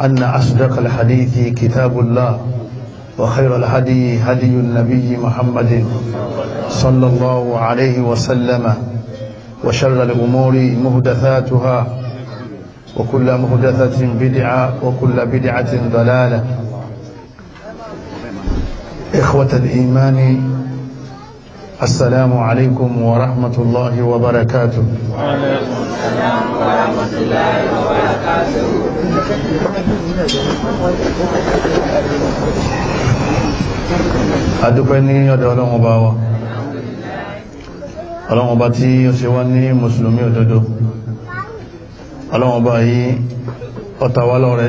أن أصدق الحديث كتاب الله وخير الهدي هدي النبي محمد صلى الله عليه وسلم وشر الأمور مهدثاتها وكل مهدثة بدعة وكل بدعة ضلالة إخوة الإيمان السلام عليكم ورحمة الله وبركاته وعليكم السلام ورحمة الله وبركاته adúpẹ́ ní ọ̀dọ̀ ọlọ́run ọba wa ọlọ́run ọba tí ó ṣe wá ní mùsùlùmí òdodo ọlọ́run ọba yìí ó ta wá lọ́rẹ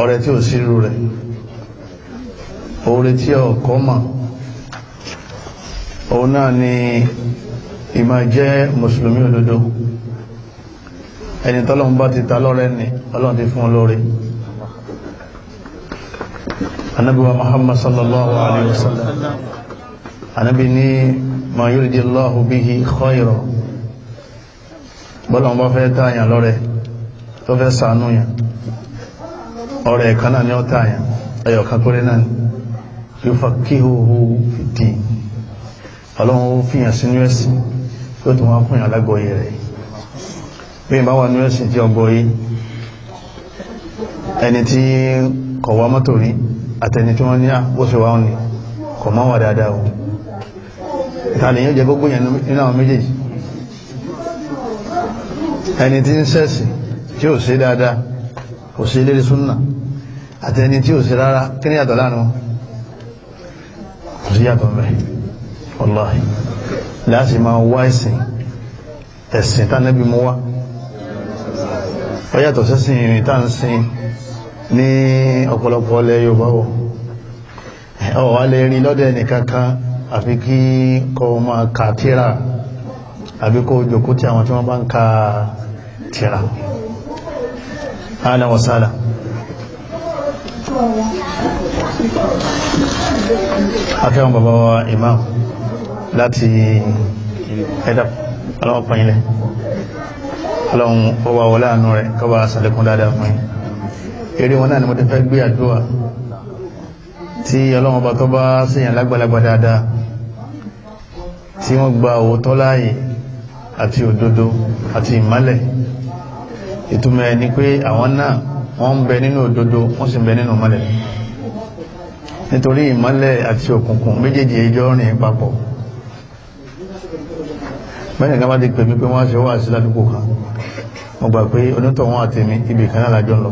ọrẹ tí ò sírú rẹ̀ oore tí ọkọ̀ máa òun náà ni ìmá jẹ́ mùsùlùmí òdodo ẹni tọ́lọ́run bá ti ta lọ́rẹ́ ni ọlọ́run ti fún lórí anábi muhammad sallallahu alaihi wasallam anábi ni ma yuridi allahu bihi khayra bọ́lọ́run bá fẹ́ tààyàn lọ́rẹ́ tó fẹ́ ṣàánú yàn ọ̀rẹ́ kan ni ó tààyàn ẹyọ̀kan náà ni yufakihuhu fid din ọlọ́run fíyàn sí nírẹ́sì tó tó wọ́n fún alágbọ́yé rẹ̀ bí i bá wà nírẹ́sì tí ọgbọ́yé ẹni tí kọ̀wá mọ́tò rí àtẹni tí wọ́n ní àbọ́sẹ̀wà ní kọ̀ mọ́ wà dáadáa o ìtàlẹ̀yàn jẹ gbogbo yẹn nínú àwọn méjèèjì ẹni tí kò sí lérí mẹ́rin wallahi láti máa wá ẹ̀sìn ẹ̀sìn tánẹ́bí mú wá ó yàtọ̀ sẹ́sìn ìrìn tá ń sin ní ọ̀pọ̀lọpọ̀ ilẹ̀ Yorùbá wọ̀ ọ̀ wá lè rí lọ́dẹ̀ nìkankan àfi kí kọ máa ka tíra bàbá wa imam láti ẹ̀dà ọlọ́wọ́ pẹ̀yìnlẹ̀ ọlọ́run ọwà wọlá àánú rẹ̀ kọba sàlẹ̀kún dáadáa fún yín eré wọn náà ni mo ti fẹ́ gbé àdúrà tí ọlọ́run ọba tó bá síyàn lágbàlagbà dáadáa tí wọ́n gba òótọ́ láàyè àti òdodo àti ìmálẹ̀ ìtumọ̀ ẹ̀ ni pé àwọn náà wọ́n ń bẹ nínú òdodo wọ́n sì ń bẹ nínú ìmálẹ̀ nítorí ìmálẹ̀ àti òkùnkùn méjèèjì ìjọ rìn papọ̀ mẹ́rin kan bá ti pèmí pé wọ́n ṣe wà sí ládùúgbò kan mo gbà pé onítọ̀ wọn àti mi ibì kan lájọ lọ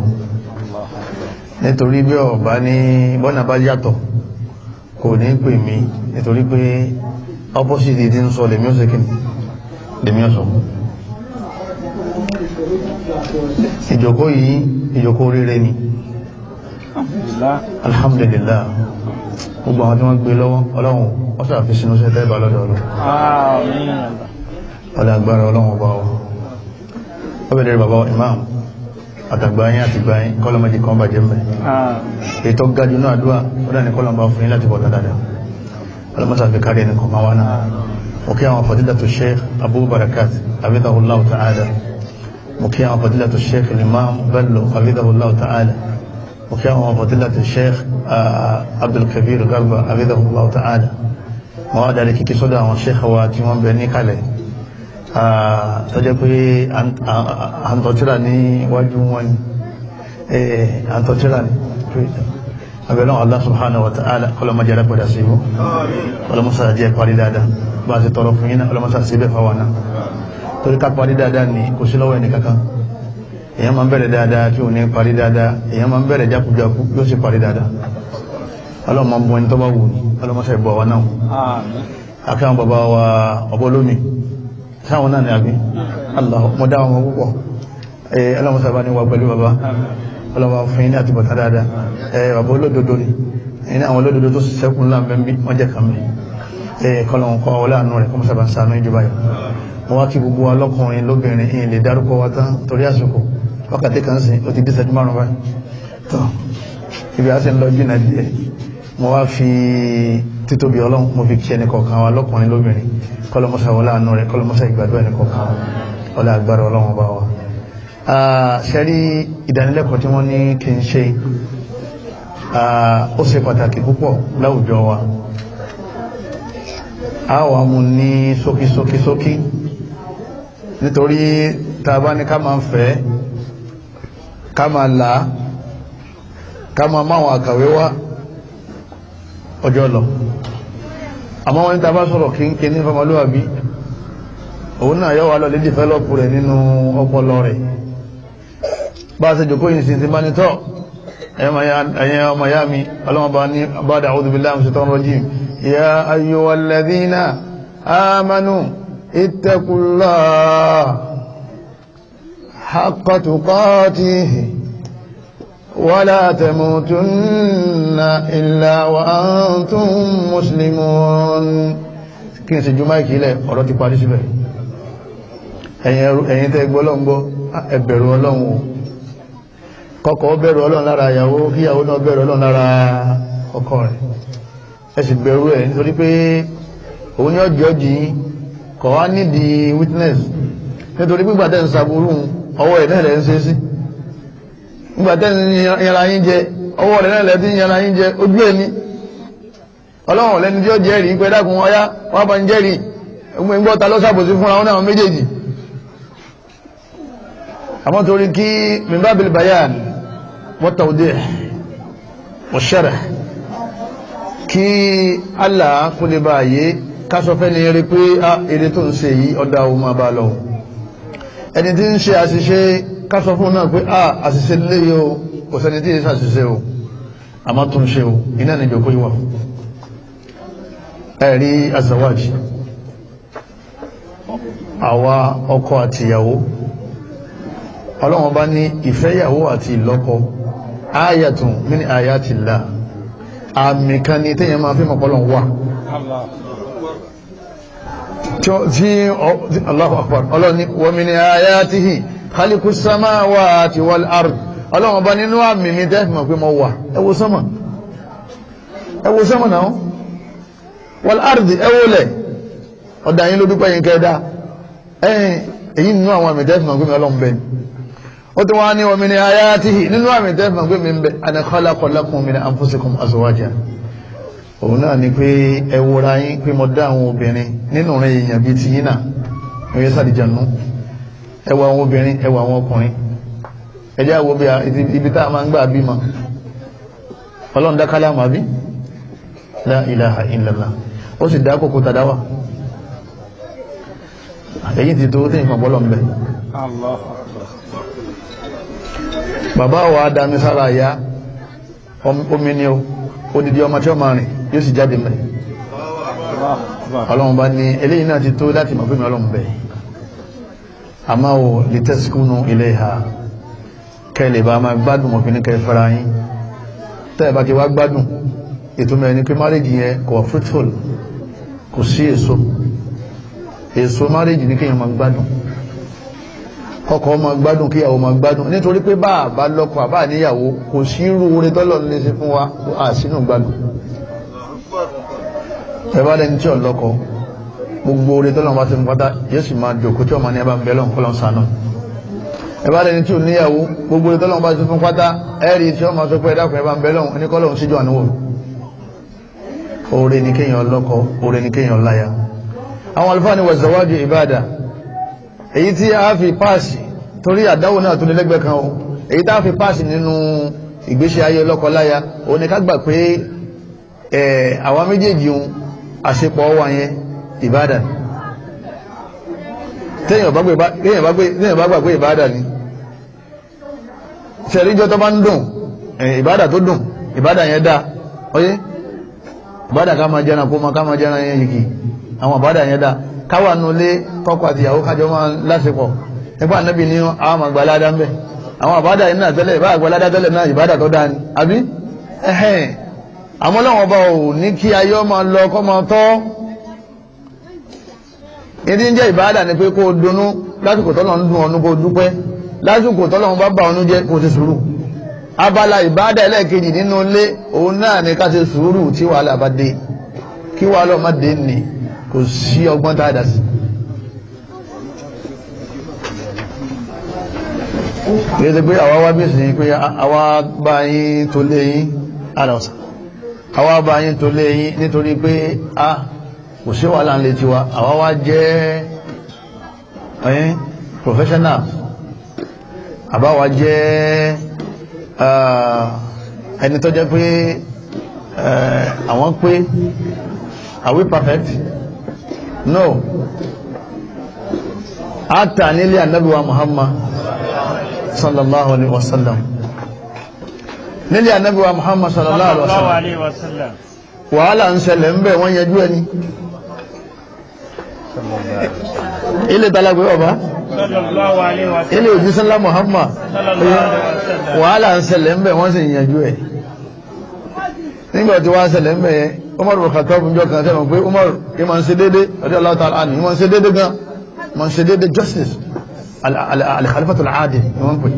nítorí bí ọ̀bá ní bọ́nà bá yàtọ̀ kò ní pè mí nítorí pé opposite ti ń sọ lèmi ó sẹ́kìn lèmi ó sọ ìjòkó yìí ìjòkó rere ni alhamdulillah gbogbo àwọn tí wọ́n gbé lọ́wọ́ ọlọ́run ọ́sàfisínú sẹ́tẹ́ ìbálọ́dọ̀ ọlọ́run ọlágbára ọlọ́run bá ọ ọbẹ̀lẹ̀ bàbá imam àtàgbáyín àti gbáyín kọ́lọmọ́jì kan bàjẹ́ mẹ́ ètò gájú náà dúwà ó dáni kọ́lọmọ́ fún láti bọ̀ dáadáa ọlọ́mọ́sà fi kárí ẹni kọ̀má wá náà mo kí àwọn fadilatu sheikh abu barakat abidahullahu ta'ala mo kí àwọn fadilatu sheikh imam bello abidahullahu ta'ala mo kí àwọn fadilatu sheikh abdulkabir garba abidahullahu ta'ala mo wá dárí kíkí sọ́dọ̀ àwọn sheikh wa tí wọ́n bẹ ní kalẹ̀ tó jẹ́ pé àǹtọ̀tíra ní iwájú wọn ni àǹtọ̀tíra ní abẹ́lọ́n Allah subhanahu wa ta'ala ọlọ́mọ jẹ́ rẹ̀pẹ̀dà sí ibú ọlọ́mọ sára jẹ́ parí dáadáa bá ti tọrọ fún yínà ọlọ́mọ sára sí ibẹ̀ fáwọnà torí ká parí dáadáa ní kò sí lọ́wọ́ ẹnìkankan èyàn ma ọlọ́mọ bọ́ ní tọ́bá wù ní ọlọ́mọ sára ìbọ̀ náà akẹ́wọn bàbá wa ọbọ́ lómi sáwọn náà ni àbí Allah mo dá wọn púpọ̀ ọlọ́mọsàbá ni wà pẹ̀lú bàbá ọlọ́mọ fún ní àti bàtà dáadáa bàbá olódodo ni ní àwọn olódodo tó sì sẹ́kùn láàmì wọ́n jẹ́ kàmì kọlọ̀n kọ́ ọláàánú rẹ̀ kọmọsàbá sàánú ìjọba yìí mo wá kí gbogbo alọ́kùnrin lóbìnrin ìyìn lè dárúkọ wa tán torí àsìkò wákàtí kan sí ó ti dé sẹ́jú márùn báyìí tó ibi a sì ń lọ jìnà díẹ̀ mo wá fi títóbi ọlọ́run mo fi kí ẹni kọ̀ọ̀kan wa lọ́kùnrin lóbìnrin kọlọmọ́sá wọlá àánú rẹ̀ kọlọmọ́sá ìgbàdó ẹni kọ̀ọ̀kan ọlá agbára ọlọ́run bá wa ṣẹ́rí ìdánilẹ́kọ̀ọ́ tí wọ́n ní kí n ṣe ó ṣe pàtàkì púpọ̀ láwùjọ wa a wà mú ní ṣókí ṣókí ṣókí nítorí tá bá ká máa ń fẹ́ ká máa là ká máa máwọn àkàwé wá ọjọ́ lọ àmọ́ wọ́n ní ta bá sọ̀rọ̀ kínkín ní fọmọlúwàbí òun náà yọ́ wà lọ lè dìfẹ́lọ́pù rẹ̀ nínú ọpọlọ rẹ̀ bá a ṣe jòkó yìí sí ti bá ní tọ́ ẹ̀yẹn ọmọ ya mi ọlọ́mọba ní bada a'udhu billahi minash shaitanir ya ayyuhal ladhina amanu ittaqullaha haqqa ولا تموتن إلا وأنتم مسلمون kí n sì jù máìkì ilẹ̀ ọ̀rọ̀ ti parí tẹ́ gbọ́ lọ́n gbọ́ ẹ Ọlọ́run o ó Ọlọ́run lára ìyàwó kí ìyàwó náà bẹ̀rù Ọlọ́run lára ọkọ rẹ̀ ẹ sì ẹ̀ nítorí pé òun ni kọ̀ wá nídìí witness nítorí ń ọwọ́ ẹ̀ náà rẹ̀ ń ṣe sí gbàtẹ́ni yanra yín jẹ ọwọ́ rẹ̀ náà lẹ́tí yanra yín jẹ ojú ẹni ọlọ́run lẹ́ni tí ó jẹ́rìí pé dákun ọyá wọ́n bá ń jẹ́rìí ẹgbẹ́ ń gbọ́ta lọ́sàbòsí fúnra wọn náà méjèèjì àmọ́ torí kí mimbabil bayan wa tawdih wa sharh kí Allah kó lè bá yé kásọ fẹ́ ni rí pé èrè ah, tó ń ṣe yìí ọ̀dà ohun àbálọ̀ ẹni tí ń ṣe àṣìṣe ká sọ fún náà pé a ah, àṣìṣe lé yìí o kò sẹ́ni tí èsì àṣìṣe o àmọ́ tún ṣe o iná níbi òkú ìwà ẹ̀rí azawaj àwa ọkọ àti ìyàwó ọlọ́wọ́n bá ní ìfẹ́yàwó àti ìlọ́kọ ayatun mini ayatillah àmì kan ní tẹ́yẹ máa fi mọ̀pọ̀lọ̀ wà tí Allahu akbar ọlọ́ni wa mini ayatihi kálíkù السماوات wà àti wọl ard ọlọ́run ọba nínú àmì mi tẹ́ mọ̀ سما mo wà ẹ wo sánmà ẹ wo sánmà náà wọl ard ẹ wo lẹ̀ ọ̀dà yín ló dúpẹ́ yín kẹ́ dá ẹ̀yìn èyí nínú àwọn àmì tẹ́ mọ̀ pé mi ọlọ́run bẹ́ẹ̀ ó ti wá ní omi ní ayatihi nínú àmì tẹ́ mọ̀ mi ń bẹ ana khalaqa lakum min anfusikum azwaja òun náà ni pé ẹ yín pé mo dá àwọn obìnrin nínú rẹ̀ èèyàn bíi ti yín náà ẹ̀yẹ sàdìjànú ẹwà àwọn obìnrin ẹwà àwọn ọkùnrin ẹjẹ́ àwọn obìnrin ibi tá a máa ń gbà bí ma ọlọ́run dákálá àmà bí la ilaha illallah ó sì dá kòkó tàdáwà èyí ti tó tí nǹkan bọ́lọ̀ ń bẹ bàbá wa dami sára ya omi ni o odidi ọmọ tí ó máa rìn yóò sì jáde mẹ́ ọlọ́run bá ní eléyìí náà ti tó láti mọ̀ fún mi ọlọ́run bẹ́ẹ̀ àmá o lè tẹ́sìkúnú ilé ìhà kẹlẹ̀ bá máa gbádùn òfin ní kẹfẹ́ra yín tẹ́ẹ̀bá kí wá gbádùn ètò mẹ́rin ní pé márèjì yẹn kò fruitful kò sí èso èso márèjì ní kíyàn máa gbádùn ọkọ máa gbádùn kíyàwó máa gbádùn nítorí pé bá bá lọ́kọ àbá níyàwó kò sí irú orí tọ́lọ̀ lè ṣe fún wa àsínú gbádùn ẹ̀bá lẹni tí ọ̀ lọ́kọ gbogbo orí tọ́lọ̀ bá ti mú pátá yóò sì máa jòkó tí ọmọ ní ẹbá bẹ́lọ̀ kọ́lọ̀ sànà ẹbá rẹ̀ ní tí ò níyàwó gbogbo orí tọ́lọ̀ bá ti fún pátá ẹ̀rí tí ọmọ sọ pé ẹ̀dàkùn ẹbá bẹ́lọ̀ ní kọ́lọ̀ síjọ àníwò orí ni kéèyàn lọ́kọ orí ni kéèyàn láya àwọn àlùfáà ni wàzàwájú ìbáàdà èyí tí a fi páàsì torí àdáwò náà tó lẹ́gbẹ́ kan o èyí tá a fi páàsì nínú ìgbésí ayé ọlọ́kọ láya òun ni ká gbà pé àwa méjèèjì àṣepọ̀ wà yẹn ìbádà téèyàn bá gbàgbé ìbádà ni ṣẹ̀ríjọ́ tó bá ń dùn ìbádà tó dùn ìbádà yẹn dá oyé ìbádà ká máa jẹran kó máa ká máa jẹran yẹn yìí àwọn ìbádà yẹn dá káwà nulé kọ́kọ́ àti ìyàwó kájọ máa lásìkọ̀ nípa ànábì ní àwọn àgbàládá ń bẹ̀ àwọn àbádà yìí náà tẹ́lẹ̀ ìbá àgbàládá tẹ́lẹ̀ náà ìbádà tó dáa ni àbí ẹ̀hẹ́n àmọ́ lọ́wọ́ bá ò ní kí ayọ́ máa lọ kọ́ máa tọ́ ìdí ń jẹ́ ìbáàdà ni pé kó o dunnú lásìkò tọ́lọ̀ ń dun ọ̀nù kó o dúpẹ́ lásìkò tọ́lọ̀ ń bá bá ọ̀nù jẹ́ kó o ti sùúrù abala ìbáàdà ẹlẹ́ẹ̀kejì nínú ilé òun náà ni ká ti sùúrù tí wàhálà bá dé kí wàhálà má dé nì kò sí ọgbọ́n tá a dà sí. yẹ́sì pé àwa wá bí sí pé àwa bá yín tó lé yín àlọ́sà àwa bá yín tó lé yín nítorí pé a. Ah, kò sí wàhálà ńlẹ̀ tiwa àwa wá jẹ́ ẹ̀yìn professional àbáwa jẹ́ ẹni tó jẹ́ pé àwọn pé are we perfect no ata nílé ànábìwá Muhammad sallallahu alaihi wasallam nílé ànábìwá Muhammad sallallahu alaihi wasallam wàhálà ń ṣẹlẹ̀ ń bẹ̀ wọ́n yanjú ẹni ilé dalagbé ọba ilé òjísánlá Muhammad wàhálà ń ṣẹlẹ̀ ń bẹ̀ wọ́n sì yànjú ẹ̀ nígbà tí wọ́n ṣẹlẹ̀ ń bẹ̀ yẹn Umar Khattab jọ kan sẹ́wọ̀n pé Umar kí ma ń ṣe déédé ọjọ́ Allah ta'ala ni ma ń ṣe déédé gan ma ń ṣe déédé justice al-khalifatul adil ni wọ́n pè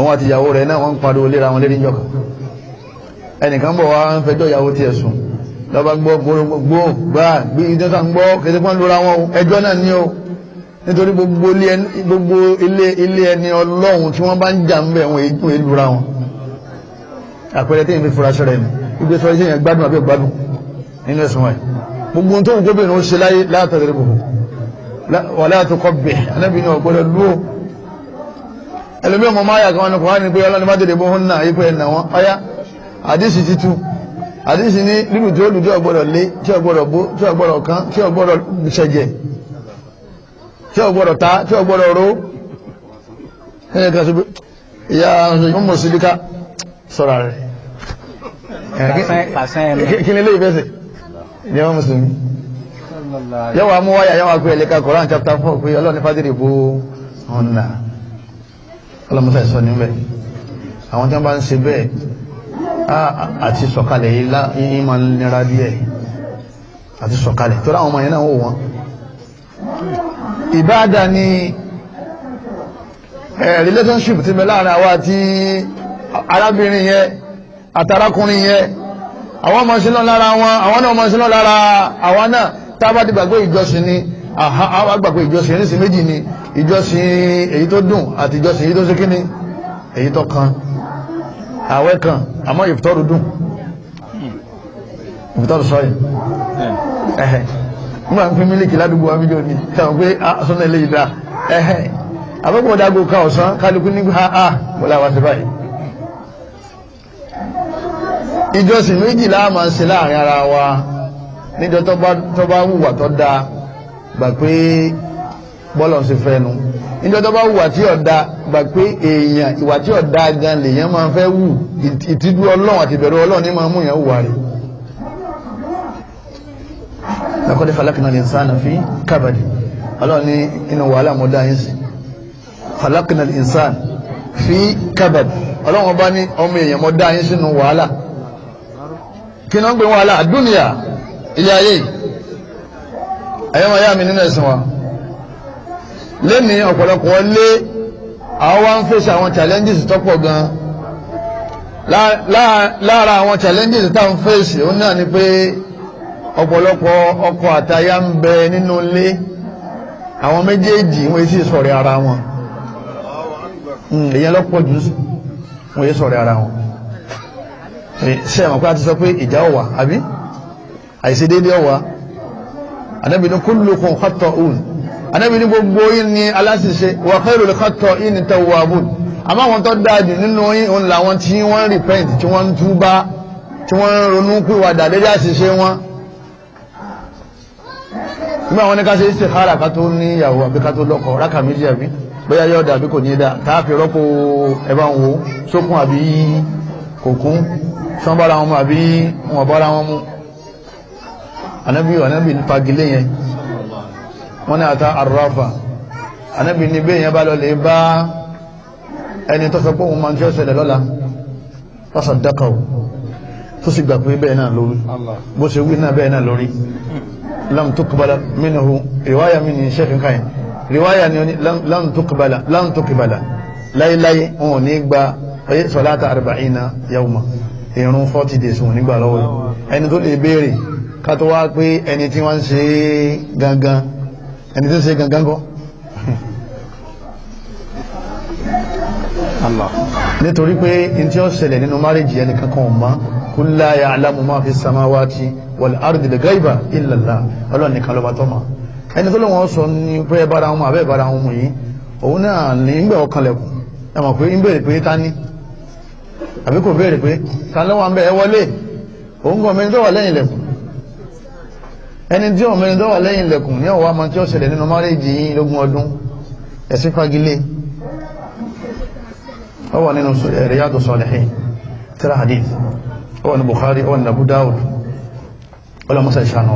wọ́n àti ìyàwó rẹ̀ náà wọ́n ń pariwo léra wọn lérí jọ kan ẹnìkan bọ̀ wá ń fẹjọ́ ìyàwó tiẹ̀ sùn lọ́ba gbọ́ gbogbo gbà bí ìjọta ń gbọ́ kété pọ́n lóra wọn ẹjọ́ náà ní o nítorí gbogbo ilé ẹni ọlọ́run tí wọ́n bá ń jà ń bẹ̀ wọn ètò ìlúra wọn àpẹẹrẹ tí ìfẹ́ fura ṣẹlẹ̀ ìgbé sọ iṣẹ́ yẹn gbádùn àbí gbádùn nínú ẹ̀sùn wọn gbogbo tó ń gómìnà ó ṣe láyé látàrí gbogbo wà láti kọ́ bẹ̀ anábìnrin náà gbọ́dọ̀ lúwò ẹlòmíràn mọ́ máa yà kan wọn kò wá ní pé ọlọ́ni má dèdè bó hún àdísì ní lílù tí ó lù tí ọgbọ́dọ̀ lé tí ọgbọ́dọ̀ bó tí ọgbọ́dọ̀ kán tí ọgbọ́dọ̀ ṣẹ̀jẹ̀ tí ọgbọ́dọ̀ ta tí ọgbọ́dọ̀ ró ẹnìkan ṣubú ìyá ọmọ sílíkà sọ̀rọ̀ rẹ̀ kí ni ilé ìfẹsẹ̀ ní ọmọ mùsùlùmí yọwọ amúwáyà yọwọ akú ẹ̀lẹ́ka Quran chapter four pé ọlọ́ni fádìrì bó ọ̀nà ọlọ́mọfẹ́ sọ níbẹ̀ àwọn tí wọ́n bá ń ṣe àti sọ̀kalẹ̀ yìí máa ń nira díẹ̀ àti sọ̀kalẹ̀ tó láwọn ọmọ yẹn náà wò wọ́n ìbáadà ni relationship ti bẹ láàrin àwa àti arábìnrin yẹn àtàrákùnrin yẹn àwọn ọmọ sílọ lára wọn àwọn náà ọmọ sílọ lára àwa náà tá a ti gbàgbé ìjọsìn ni àwa gbàgbé ìjọsìn oríṣìí méjì ni ìjọsìn èyí tó dùn àti ìjọsìn èyí tó ṣe kíni èyí tó kan àwẹ̀ kan àmọ́ ìfitọ́rù dùn ìfitọ́rù sọ́yìn eh. ẹ̀hẹ̀ nígbà ń pín mílíkì ládùúgbò wa fídíò pé ah, sọ́nà ilé ìdá ẹ̀hẹ̀ àbẹ́kùn ọ̀dàgbò ká ọ̀sán kálukú nígbà á ara wa bọ́lọ̀ sí fẹ́nu níjọ́ tó bá wùwà tí ọ̀dá gbà pé èèyàn ìwà tí ọ̀dá gan lèèyàn máa fẹ́ wù ìtìjú ọlọ́run àti ìbẹ̀rù ọlọ́run ní máa mú yàn wà rí lakọ́dé falakina lè sáànà fi kábàdì ọlọ́run ní inú wàhálà mọ́ dáyé sí falakina lè sáànà fi kábàdì ọlọ́run bá ní ọmọ èèyàn mọ́ dáyé sínú wàhálà kí náà ń gbé wàhálà àdúnìyà ilé ayé ẹ̀yọ́ wọn yá mi nínú ẹ̀sìn wọn lẹ́mi ọ̀pọ̀lọpọ̀ lé àwọn ń fèsì àwọn challenges tó pọ̀ gan lára àwọn challenges tá à ń fèsì ó náà ni pé ọ̀pọ̀lọpọ̀ ọkọ àtayá ń bẹ nínú ilé àwọn méjèèjì wọ́n sì sọ̀rọ̀ ara wọn èyàn hmm, lọ́pọ̀ jù wọ́n yé sọ̀rọ̀ ara wọn ṣe àwọn pàtàkì sọ pé ìjà ọ̀wà àbí àìṣedéédé ọ̀wà anábìnrin kullukum khatta'un anábì ní gbogbo yín ni aláṣìṣe wà khairul khatta'in tawwabun àmọ́ àwọn tó dáadì nínú yín òun làwọn tí wọ́n repent tí wọ́n ń túbá tí wọ́n ń ronú pìwàdà lérí àṣìṣe wọn nígbà wọn ní ká ṣe istikhara ká tó ní ìyàwó àbí ká tó lọ́kọ rákà méjì abi bóyá yóò dà àbí kò ní dà tá fi rọ́pò ẹ̀bá ń wo sókun àbí kòkún sọ́n bára wọn mu àbí wọn bára wọn mu ànábì ànábì fagilé yẹn wọ́n ní àtà àrọ́fà anábì ní bí èèyàn bá lọ lè bá ẹni tó fẹ́ pọ́hùn máa ń tí ó ṣẹlẹ̀ lọ́la pásà dákàwò tó sì gbà pé bẹ́ẹ̀ náà lórí bó ṣe wí náà bẹ́ẹ̀ náà lórí lam tukbala minhu mi ní iṣẹ́ kankan yìí riwaya ni lam tukbala láíláí wọn ò ní gba ọyẹ sọláta arba'ina yawma ìrún 40 days wọn nígbà lọ́wọ́ ẹni tó lè béèrè ká tó wá pé ẹni tí wọ́n ń ṣe gangan ẹni tí ń ṣe gangan kọ́ nítorí pé in tí ó ṣẹlẹ̀ nínú márèjì ẹni kankan ọ̀mọ́ kú láyà alámùmá fi samáwáti wal ardi lè gáìbà ìlàlá ọlọ́run nìkan lọ́ba tọ́mà ẹni tó lọ́wọ́ sọ ní pé bára wọn àbẹ́ bára wọn mú yìí òun náà ní ń ẹni tí ọmọ ẹni tó wà lẹ́yìn ilẹ̀kùn ní ọ̀wá ma tí ó ṣẹlẹ̀ nínú márèjì yìí lógún ọdún ẹ̀sìn fagilé ó wà nínú eh, Riyadu Salihin tíra hadith ó wà ní Bukhari ó wà ní Abu Dawud ọlọ́mọsẹ̀ ìṣànà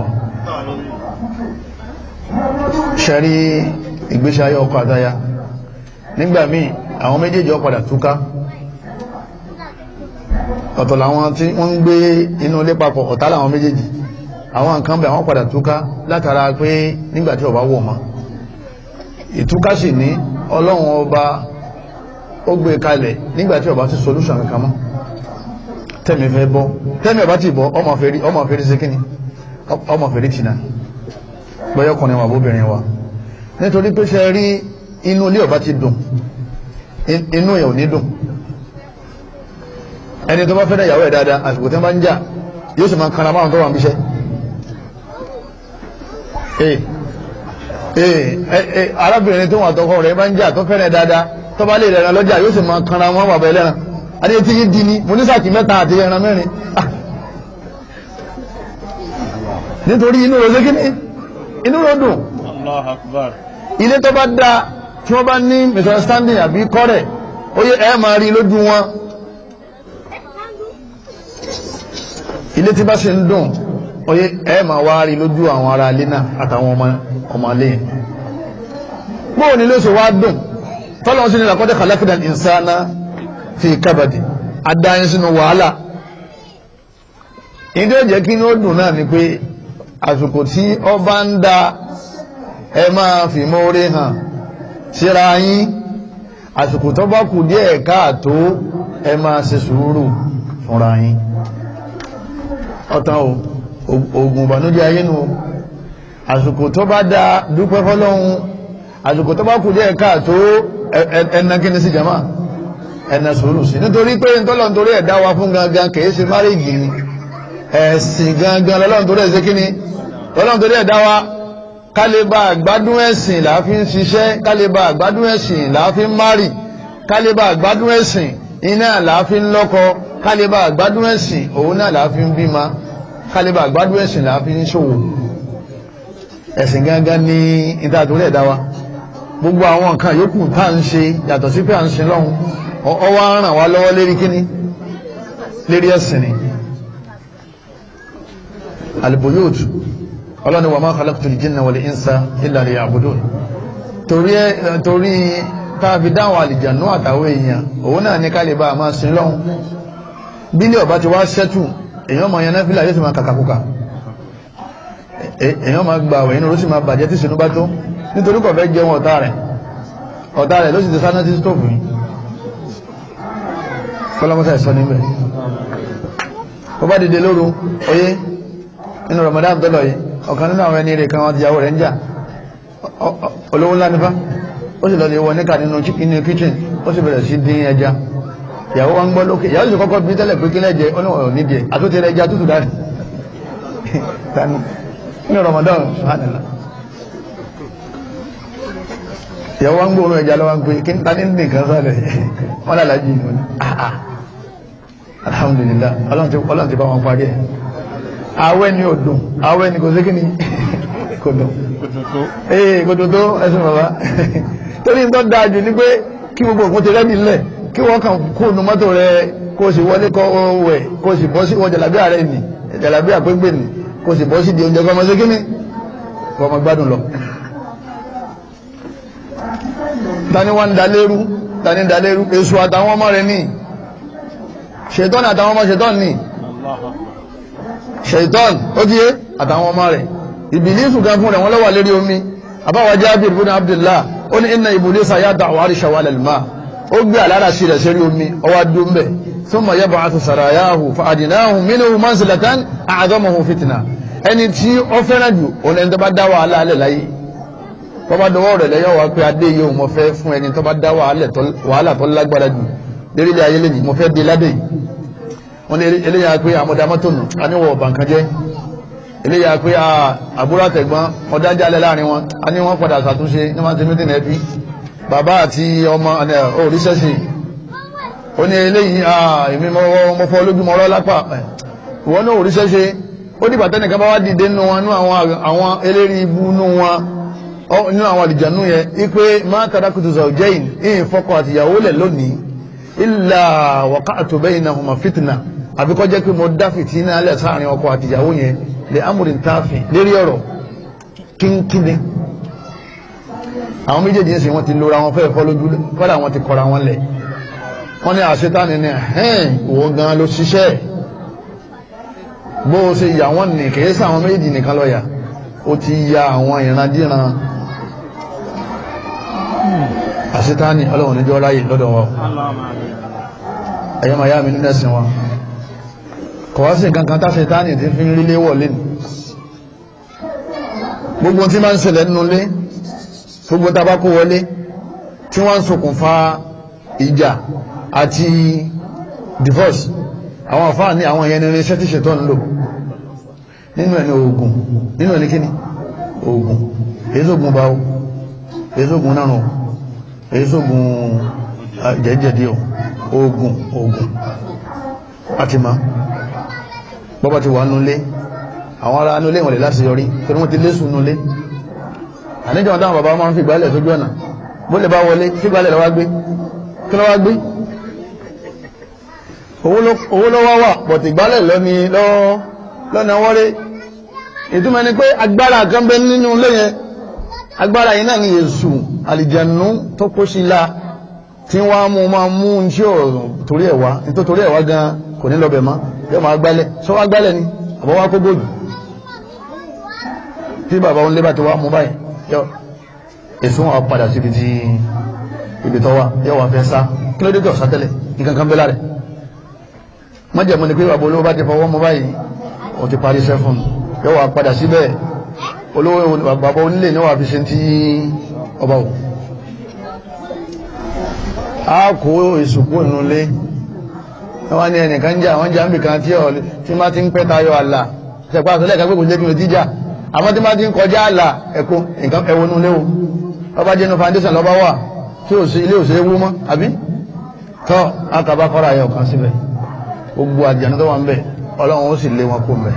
ṣẹ́rí ìgbésí ayé ọkọ àtaya nígbà míì àwọn méjèèjì ó padà túká ọ̀tọ̀ làwọn tí wọ́n ń gbé inú ilé papọ̀ ọ̀tá làwọn méjèèjì àwọn nǹkan bẹ̀ wọ́n padà túká látara pé nígbàtí ọba wọ̀ mọ́ ìtúká sì ní ọlọ́run ọba ó gbé kalẹ̀ nígbàtí ọba ti solution kankan mọ́ tẹ́mi fẹ́ bọ́ tẹ́mi ọba ti bọ́ ọmọ fèrí ọmọ fèrí sí kíni ọmọ fèrí tìǹà gbọ́yọ́kùnrin wà bóbìnrin wa nítorí pé ṣe rí inú ilé ọba ti dùn inú yẹ̀ ò ní dùn ẹni tó bá fẹ́ràn ìyàwó ẹ̀ dáadáa àsìkò tí wọ́n bá ń jà yóò sì máa kanra márùn tó wà ń bíṣẹ́ Eh, eh, eh, arábìnrin tó wọn àtọkọ rẹ̀ bá ń jà tó fẹ́rẹ̀ dáadáa tó bá lè rẹ̀ ẹran lọ́jà yóò sì máa kanra wọn bàbá ẹlẹ́ran adé tí yé di ni mo ní sàkí mẹ́ta àti ẹran mẹ́rin ah. nítorí inú rẹ̀ sékí ni inú rẹ̀ dùn ilé tó bá da tí wọ́n bá ní misunderstanding àbí kọ́rẹ̀ ó yẹ ẹ máa rí lójú wọn ilé tí bá ṣe ń dùn oye ẹ ma wá rí lójú àwọn ará ilé náà àtàwọn ọmọlé bóò ni ló ṣe wá dùn tọ́lọ́run sí ni ìsáná fi kábàdì adáyín sínú wàhálà ní tí ó jẹ́ kí ó dùn náà ni pé àsìkò tí da ẹ máa fi mórí hàn síra yín àsìkò tó bá kù díẹ̀ káàtó ẹ máa ṣe sùúrù fúnra o. ogun ìbànújẹ́ ayé nù àsìkò tó bá dá dúpẹ́ fọ́lọ́hun àsìkò tó bá kù díẹ̀ káàtó ẹna kíni sí jama ẹna sùúrù sí nítorí pé ntọ́lọ̀ nítorí ẹ̀dá wa fún gangan kìí ṣe márìjì ni ẹ̀sìn gangan lọ́lọ́ nítorí ẹ̀ṣẹ́ kíni lọ́lọ́ nítorí ẹ̀dá wa kálíbà àgbádùn ẹ̀sìn láàfin ṣiṣẹ́ kálíbà àgbádùn ẹ̀sìn láàfin márì kálíbà àgbádùn ẹ̀sìn iná láàfin lọ́kọ kálíbà àgbádùn ẹ̀sìn òun náà láàfin bímọ kálíbà gbádùn ẹ̀sìn là fi ń ṣòwò ẹ̀sìn gangan ní ìdádúrẹ́ ẹ̀dá wa gbogbo àwọn nǹkan yòókù tá à ń ṣe yàtọ̀ sí pé à ń ṣe lọ́hùn ọ wá ń ràn wá lọ́wọ́ lérí kíní lérí ẹ̀sìn ni alìbòyòt ọlọ́ni wà máa kàlọ́kùtù ìjìnà wà lè ìnsá ìlàrí àbúdó torí tàbí dáwọn àlìjànú àtàwọn èèyàn òun náà ní kálíbà máa sin lọ́hùn bí ní ọba ti wá ṣẹ́tù èyàn ma yaná fílà yóò sì ma kàkàkùkà èyàn ma gba àwẹ̀ inú ló sì ma bàjẹ́ tí sinú bá tó nítorí kọ̀ fẹ́ jẹun ọ̀tá rẹ̀ ọ̀tá rẹ̀ ló sì ti sáná tí stóòfù yìí kọ́lọ́mọ́sá ìsọ níbẹ̀ ó bá dìde lóru oyé nínú Ramadan tọ́lọ̀ yìí ọ̀kan nínú àwọn ẹni rẹ̀ kan wọn ti yàwó rẹ̀ ń jà olówó ńlá nífá ó sì lọ lè wọ níkà nínú kitchen ó sì bẹ̀rẹ̀ sí dín ẹja ìyàwó wọn gbọ́ lókè ìyàwó sì kọ́kọ́ bí tẹ́lẹ̀ pé kílẹ̀ jẹ olóòwò nídìí àtúntì rẹ̀ já tútù dárí tani ní Ramadan subhanallah ìyàwó wọn gbọ́ ẹja lọ́wọ́ pé kí n ta ní nìkan sọ́lẹ̀ wọn lálàájì ní wọn ah, àà ah. alhamdulillah ọlọ́run ti bá wọn parí ẹ̀ awẹ́ ni ò dùn awẹ́ ni kò sí kí ni kò dùn ee kò dùn tó ẹsùn bàbá torí ń tọ́ dáa jù ní pé kí gbogbo òkun ti rẹ́mi lẹ̀ kí wọ́n kàn kó nu mọ́tò rẹ kó o sì wọlé kọ́ wẹ̀ kó o sì bọ́ sí wọ́n jàlábíà nì jàlábíà pépè nì kó sì bọ́ sí di oúnjẹ kọ́mọ sí kíní kọ́mọ gbádùn lọ. tani wá ń dalérú tani ń dalérú èso àtàwọn ọmọ rẹ ní ṣètọ́nì àtàwọn ọmọ ṣètọ́nì ní ṣètọ́nì ó ti yé àtàwọn ọmọ rẹ ìbìlísù gan fún rẹ̀ wọ́n lọ́wọ́ lérí omi àbáwájá Jábìr ibn Abdullah ó ní inna ìbùlísà yá dàwárí ṣàwálẹ̀ lùmáà ó gbé àlára sí rẹ̀ sẹ́rí omi ọwá dún bẹ̀ thumma yab'athu sarāyāhu fa'adnāhum minhu manzilatan a'ẓamuhum fitna ẹni tí ó fẹ́ràn jù òun ẹni tó bá dá wàhálà alẹ̀ láyé tó bá dọwọ́ rẹ̀ lẹ́yọ̀ wá pé adé yìí òun mo fẹ́ fún ẹni tó bá dá wàhálà tó lágbára jù lérí ayé lè ní mo fẹ́ dé ládé yìí wọ́n eléyà pé àmọ́dámọ́tònù aníwọ̀ bàbá àti ọmọ oríṣẹ́sì ó ní eléyìí èmi mo fọ́ lójú mọ́rọ́ lápá ìwọ náà oríṣẹ́sì ó dìgbà tẹ́nìkan bá wá dìde nínú wọn nínú àwọn eléri ibú nínú wọn nínú àwọn àlìjànú yẹn ipe máa tàdákùtù zaujain ìyìn fọ́kọ àtìyàwó lẹ̀ lónìí ìlà waqa'tu baynahuma fitna àbí jẹ́ pé mo dá sáàrin ọkọ yẹn lè amúrin táàfin lérí ọ̀rọ̀ àwọn méjèèjì ń sìn wọ́n ti lora wọn fẹ́ẹ̀ fọ́ lójú kọ́dà wọ́n ti kọ́ra wọn lẹ̀ wọ́n ní àṣetánì ni ẹ̀hìn òun gan ló ṣiṣẹ́ bó o ṣe yà wọ́n nì kìí sàwọn méjèèjì nìkan lọ́ọ̀yà ó ti ya àwọn ìrandíran àṣetánì ọlọ́run níjọ́ ráyè lọ́dọ̀ wọn ẹ̀yọ́ màyá mi nínú ẹ̀sìn wọn kọ̀wásìn kankan tá ṣetánì ti fi ń rí léwọ̀ lẹ́nu gbogbo tí máa ń ṣẹlẹ̀ nínú lé gbogbo tabako wọlé tí wọ́n ń ṣokùnfà ìjà àti divorce àwọn àfáà ní àwọn ìyẹn nínú iṣẹ́ tí ṣètò ń lò nínú ẹni oògùn nínú ẹni kíni oògùn èzógun bá o èzógun náà èzógun jẹ́jẹ̀dí o oògùn àti ma bọ́bá ti wà nulé àwọn ará nulé wọ̀n lè láti yọrí torí wọ́n ti lésùn nulé àníjọ́ táwọn bàbá máa ń fi gbálẹ̀ sójú ọ̀nà bó lè bá wọlé tí gbálẹ̀ lọ́wọ́ gbé kí lọ́wọ́ gbé owó lọ́wọ́ wà pọ̀tì gbálẹ̀ lọ́ni lọ́nà wọ́rẹ́ ìtumọ̀ ni pé agbára kan bẹ nínú ilé agbára yìí náà ni Èṣù àlìjẹ̀nú tó kó sí la tí wọ́n á mú máa mú ní tí ò torí ẹ̀ wá nítorí torí ẹ̀ wá gan kò ní lọ́bẹ̀ mọ́ yóò máa gbálẹ̀ sọ wá gbálẹ̀ ni àbọ̀ wá kó góòlù tí bàbá òun lé bá ti wá mú báyìí yọ èso wọn padà síbi tí ibi tó wà yọ wà fẹ́ sá kí ló dé tó sá tẹ́lẹ̀ nǹkan kan bẹ́ lára mọ́jẹ̀mọ́ ni pé bàbá olówó bá ti fọwọ́ mọ́ báyìí ó ti parí iṣẹ́ fún yọ wà padà síbẹ̀ olówó bàbá onílé ni wà a kó ìsìnkú ìnulé wọ́n ní ẹnìkan jà wọ́n jà ń bìkan tí ó ti máa ti ń pẹ́ tayọ àlà ṣẹ̀pá àtọ́lẹ̀ kan pé kò jẹ́ kí n lè àmọ́ tí máa ti ń kọjá àlà ẹ̀kọ́ nǹkan ẹ̀wọ̀nú léwu ọba jẹ́nu foundation lọ́ba wà tí ilé òṣèré wú mọ́ àbí tọ́ àkàbá kọ́ra ayọ̀ kan síbẹ̀ gbogbo àjànú tó wà ń bẹ̀ ọlọ́run ó sì lé wọn kó mẹ́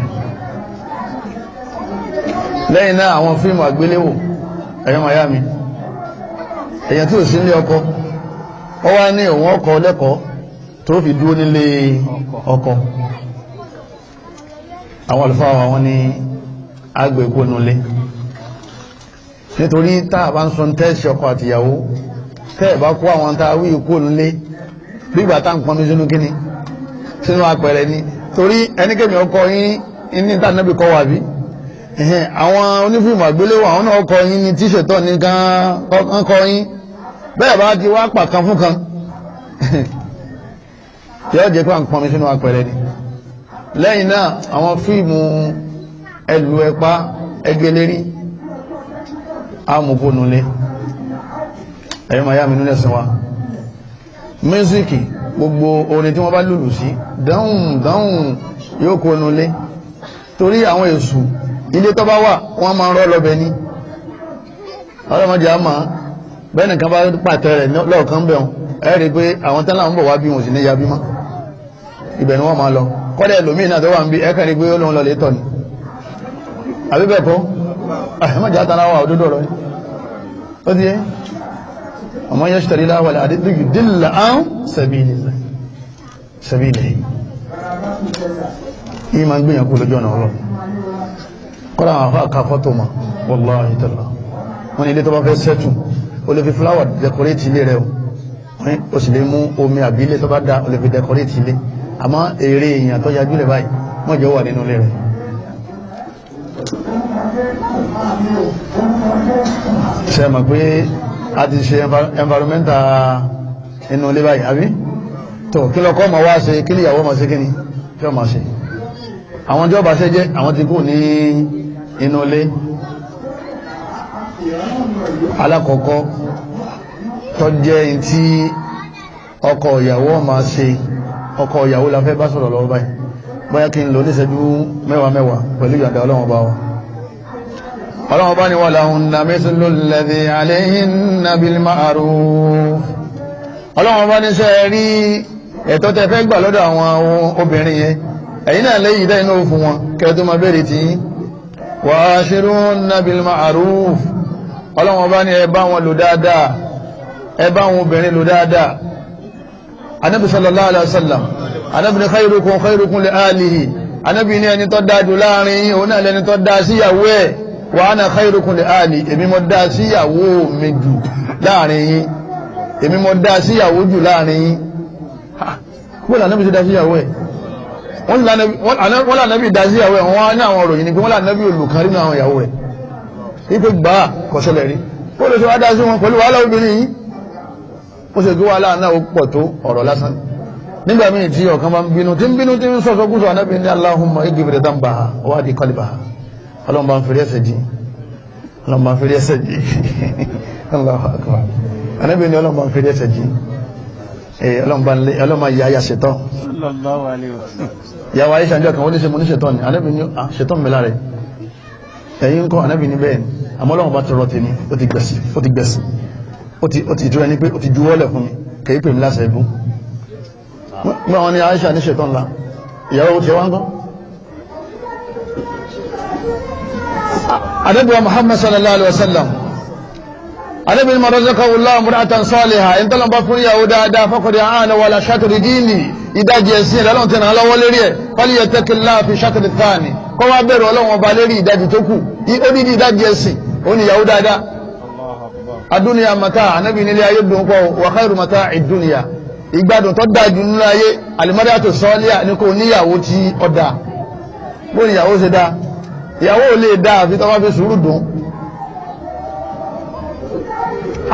lẹ́yìn náà àwọn fíìmù àgbéléwò ẹ̀yọ́ màyá mi èèyàn tí ò sí nílé ọkọ ọ wá ní òun ọkọ lẹ́kọ̀ọ́ tó fi dúró nílé ọkọ àwọn àlùfáà wọn ni agbè kónúlé nítorí táà bá ń sọ tẹ́ẹ̀sì ọkọ àtìyàwó tẹ́ẹ̀ bá kó àwọn tá a wí kónúlé bígbà tá à ń pọnmi sínú kíni sínú apẹ̀rẹ̀ ni torí ẹnikẹ́ni ọkọ yín ní tànàbí kọ́ wà bí àwọn onífíìmù àgbéléwò àwọn náà kọ yín ní tíṣẹ̀tọ̀ nìkan kọ yín bẹ́ẹ̀ bá ti wá pàkan fún kan yóò jẹ́ pé à ń pọnmi sínú apẹ̀rẹ̀ ni lẹ́yìn náà àwọn fíìmù ẹlù ẹpá ẹgbẹ̀lérí amùkónulé ẹ̀yọ́ ma yá mi nílẹ̀ sí wa mísíkì gbogbo orin tí wọ́n bá lùlù sí dáhùn dáhùn yóò kónulé torí àwọn èṣù ilé tó bá wà wọ́n máa rọ́ lọ́bẹ̀ ní ọlọ́mọdé àmà bẹ́ẹ̀ nìkan bá pàtẹ rẹ̀ lọ́ọ̀kan bẹ̀rún ẹ rí pé àwọn tẹ́lá ń bọ̀ wá bí wọn sì ní yabí mọ́ ibẹ̀ ni wọ́n máa lọ kọ́dẹ̀ lómìnà tó wà ń bí ẹ kàn rí ó lóun lọ lè tọ̀ ni àbíbẹ̀kọ́ ah, àmọ́jà tànáwà òdúdó rẹ̀ ó díẹ̀ ọmọ yẹ́ ṣe tàrílá wà láàrídìí dìlà án sàbílẹ̀ yìí ma ń gbìyànkú lójú ọ̀nà ọlọ́ kọ́lá àwọn afá ká fọ́tò ma wallahi ta'ala wọ́n ni ilé tó bá fẹ́ sẹ́tù o lè fi fúláwà dẹkọrétì ilé rẹ̀ o sì lè mú omi àbílé jẹ́ wà nínú ilé rẹ̀ ṣe mọ̀ pé a ti ṣe environmental inú ilé báyìí àbí tó kí lọ́kọ́ ọmọ wá ṣe kí níyàwó ọmọ ṣe kí ni kí ọmọ ṣe àwọn ìjọba ṣe jẹ́ àwọn ti kù ní inú ilé alákọ̀ọ́kọ́ tó jẹ́ in tí ọkọ ìyàwó ọmọ ṣe ọkọ ìyàwó la fẹ́ bá sọ̀rọ̀ lọ́wọ́ báyìí bóyá kí n lò ní ìṣẹ́jú mẹ́wàá mẹ́wàá pẹ̀lú ìyàdá ọlọ́run bá ọlọ́run bá ní walahunna mithlu alladhi alayhinna bil ma'ruf ọlọ́run bá ní sẹ́ rí ẹ̀tọ́ tẹ fẹ́ gbà lọ́dọ̀ àwọn obìnrin yẹn ẹ̀yin náà lẹ́yìn ìdá inú fún wọn kẹ́ẹ̀tọ́ máa bẹ̀rẹ̀ tí wa ashirunna bil ma'ruf ọlọ́run bá ní ẹ bá wọn lò dáadáa ẹ wa ana khairukum li ali èmi mo dá síyàwó mi jù láàrin yín èmi mo dá síyàwó jù láàrin yín bóòlù ànábì ṣe dá síyàwó ẹ̀ wọ́n lànábì dá síyàwó ẹ̀ wọ́n á ní àwọn òròyìn ni pé wọ́n lànábì olùkárí ní àwọn ìyàwó ẹ̀ ipe gbà kọ̀ṣẹlẹ̀ rí bóòlù ṣe wá dá sí wọn pẹ̀lú wàhálà obìnrin yìí ó ṣe gbé wàhálà náà ó pọ̀ tó ọ̀rọ̀ lásán nígbà míì tí ọ̀kan máa ń bínú tí ń bínú tí ń sọ̀sọ́kúsọ̀ ànábì ní Allahumma igi bèrè dánbà wádìí kọlìbà ọlọ́run bá ń fèrè ẹsẹ̀ jì ọlọ́run bá ẹsẹ̀ jì Allahu akbar anábì ni ọlọ́run bá ń fèrè ẹsẹ̀ jì ọlọ́run bá yà á yà ṣetán yàwó ayé ṣàǹjọ́ kan wọ́n ní ṣe mo ní ṣetán ni anábì ni ah, ṣetán mi lára ẹ̀yìn ń kọ́ anábì ni bẹ́ẹ̀ àmọ́ ọlọ́run ti ni Aisha la ìyàwó ti wá ń kọ́ adébíwá muhammad sallallahu alaihi wasallam adébíwá marazaka wùlá muratan saliha ẹni tọ́lọ́ bá fún ìyàwó dáadáa fọkọ̀dé àánà wà lá ṣàtìrì díìnì ìdajì ẹ̀sìn rẹ̀ lọ́n ti ràn án lọ́wọ́ lérí ẹ̀ fálí yẹ tẹ́kìlá fi ṣàtìrì tààni kọ́ wá bẹ̀rù ọlọ́run ọba lérí ìdajì tó kù odidi ìdajì ẹ̀sìn òun ìyàwó dáadáa adúnìyà mata anábì nílé ayé dùn pọ̀ wà khairu mata ìdúnìyà ìgbádùn tó dájú nílé ayé alimọ́dá tó sọ́ọ́líà ní kò níyàwó tí ọ̀dà bóyá ìyàwó ṣe dáa ìyàwó ò lè dá àfi tọ́wọ́ fi sùúrù dùn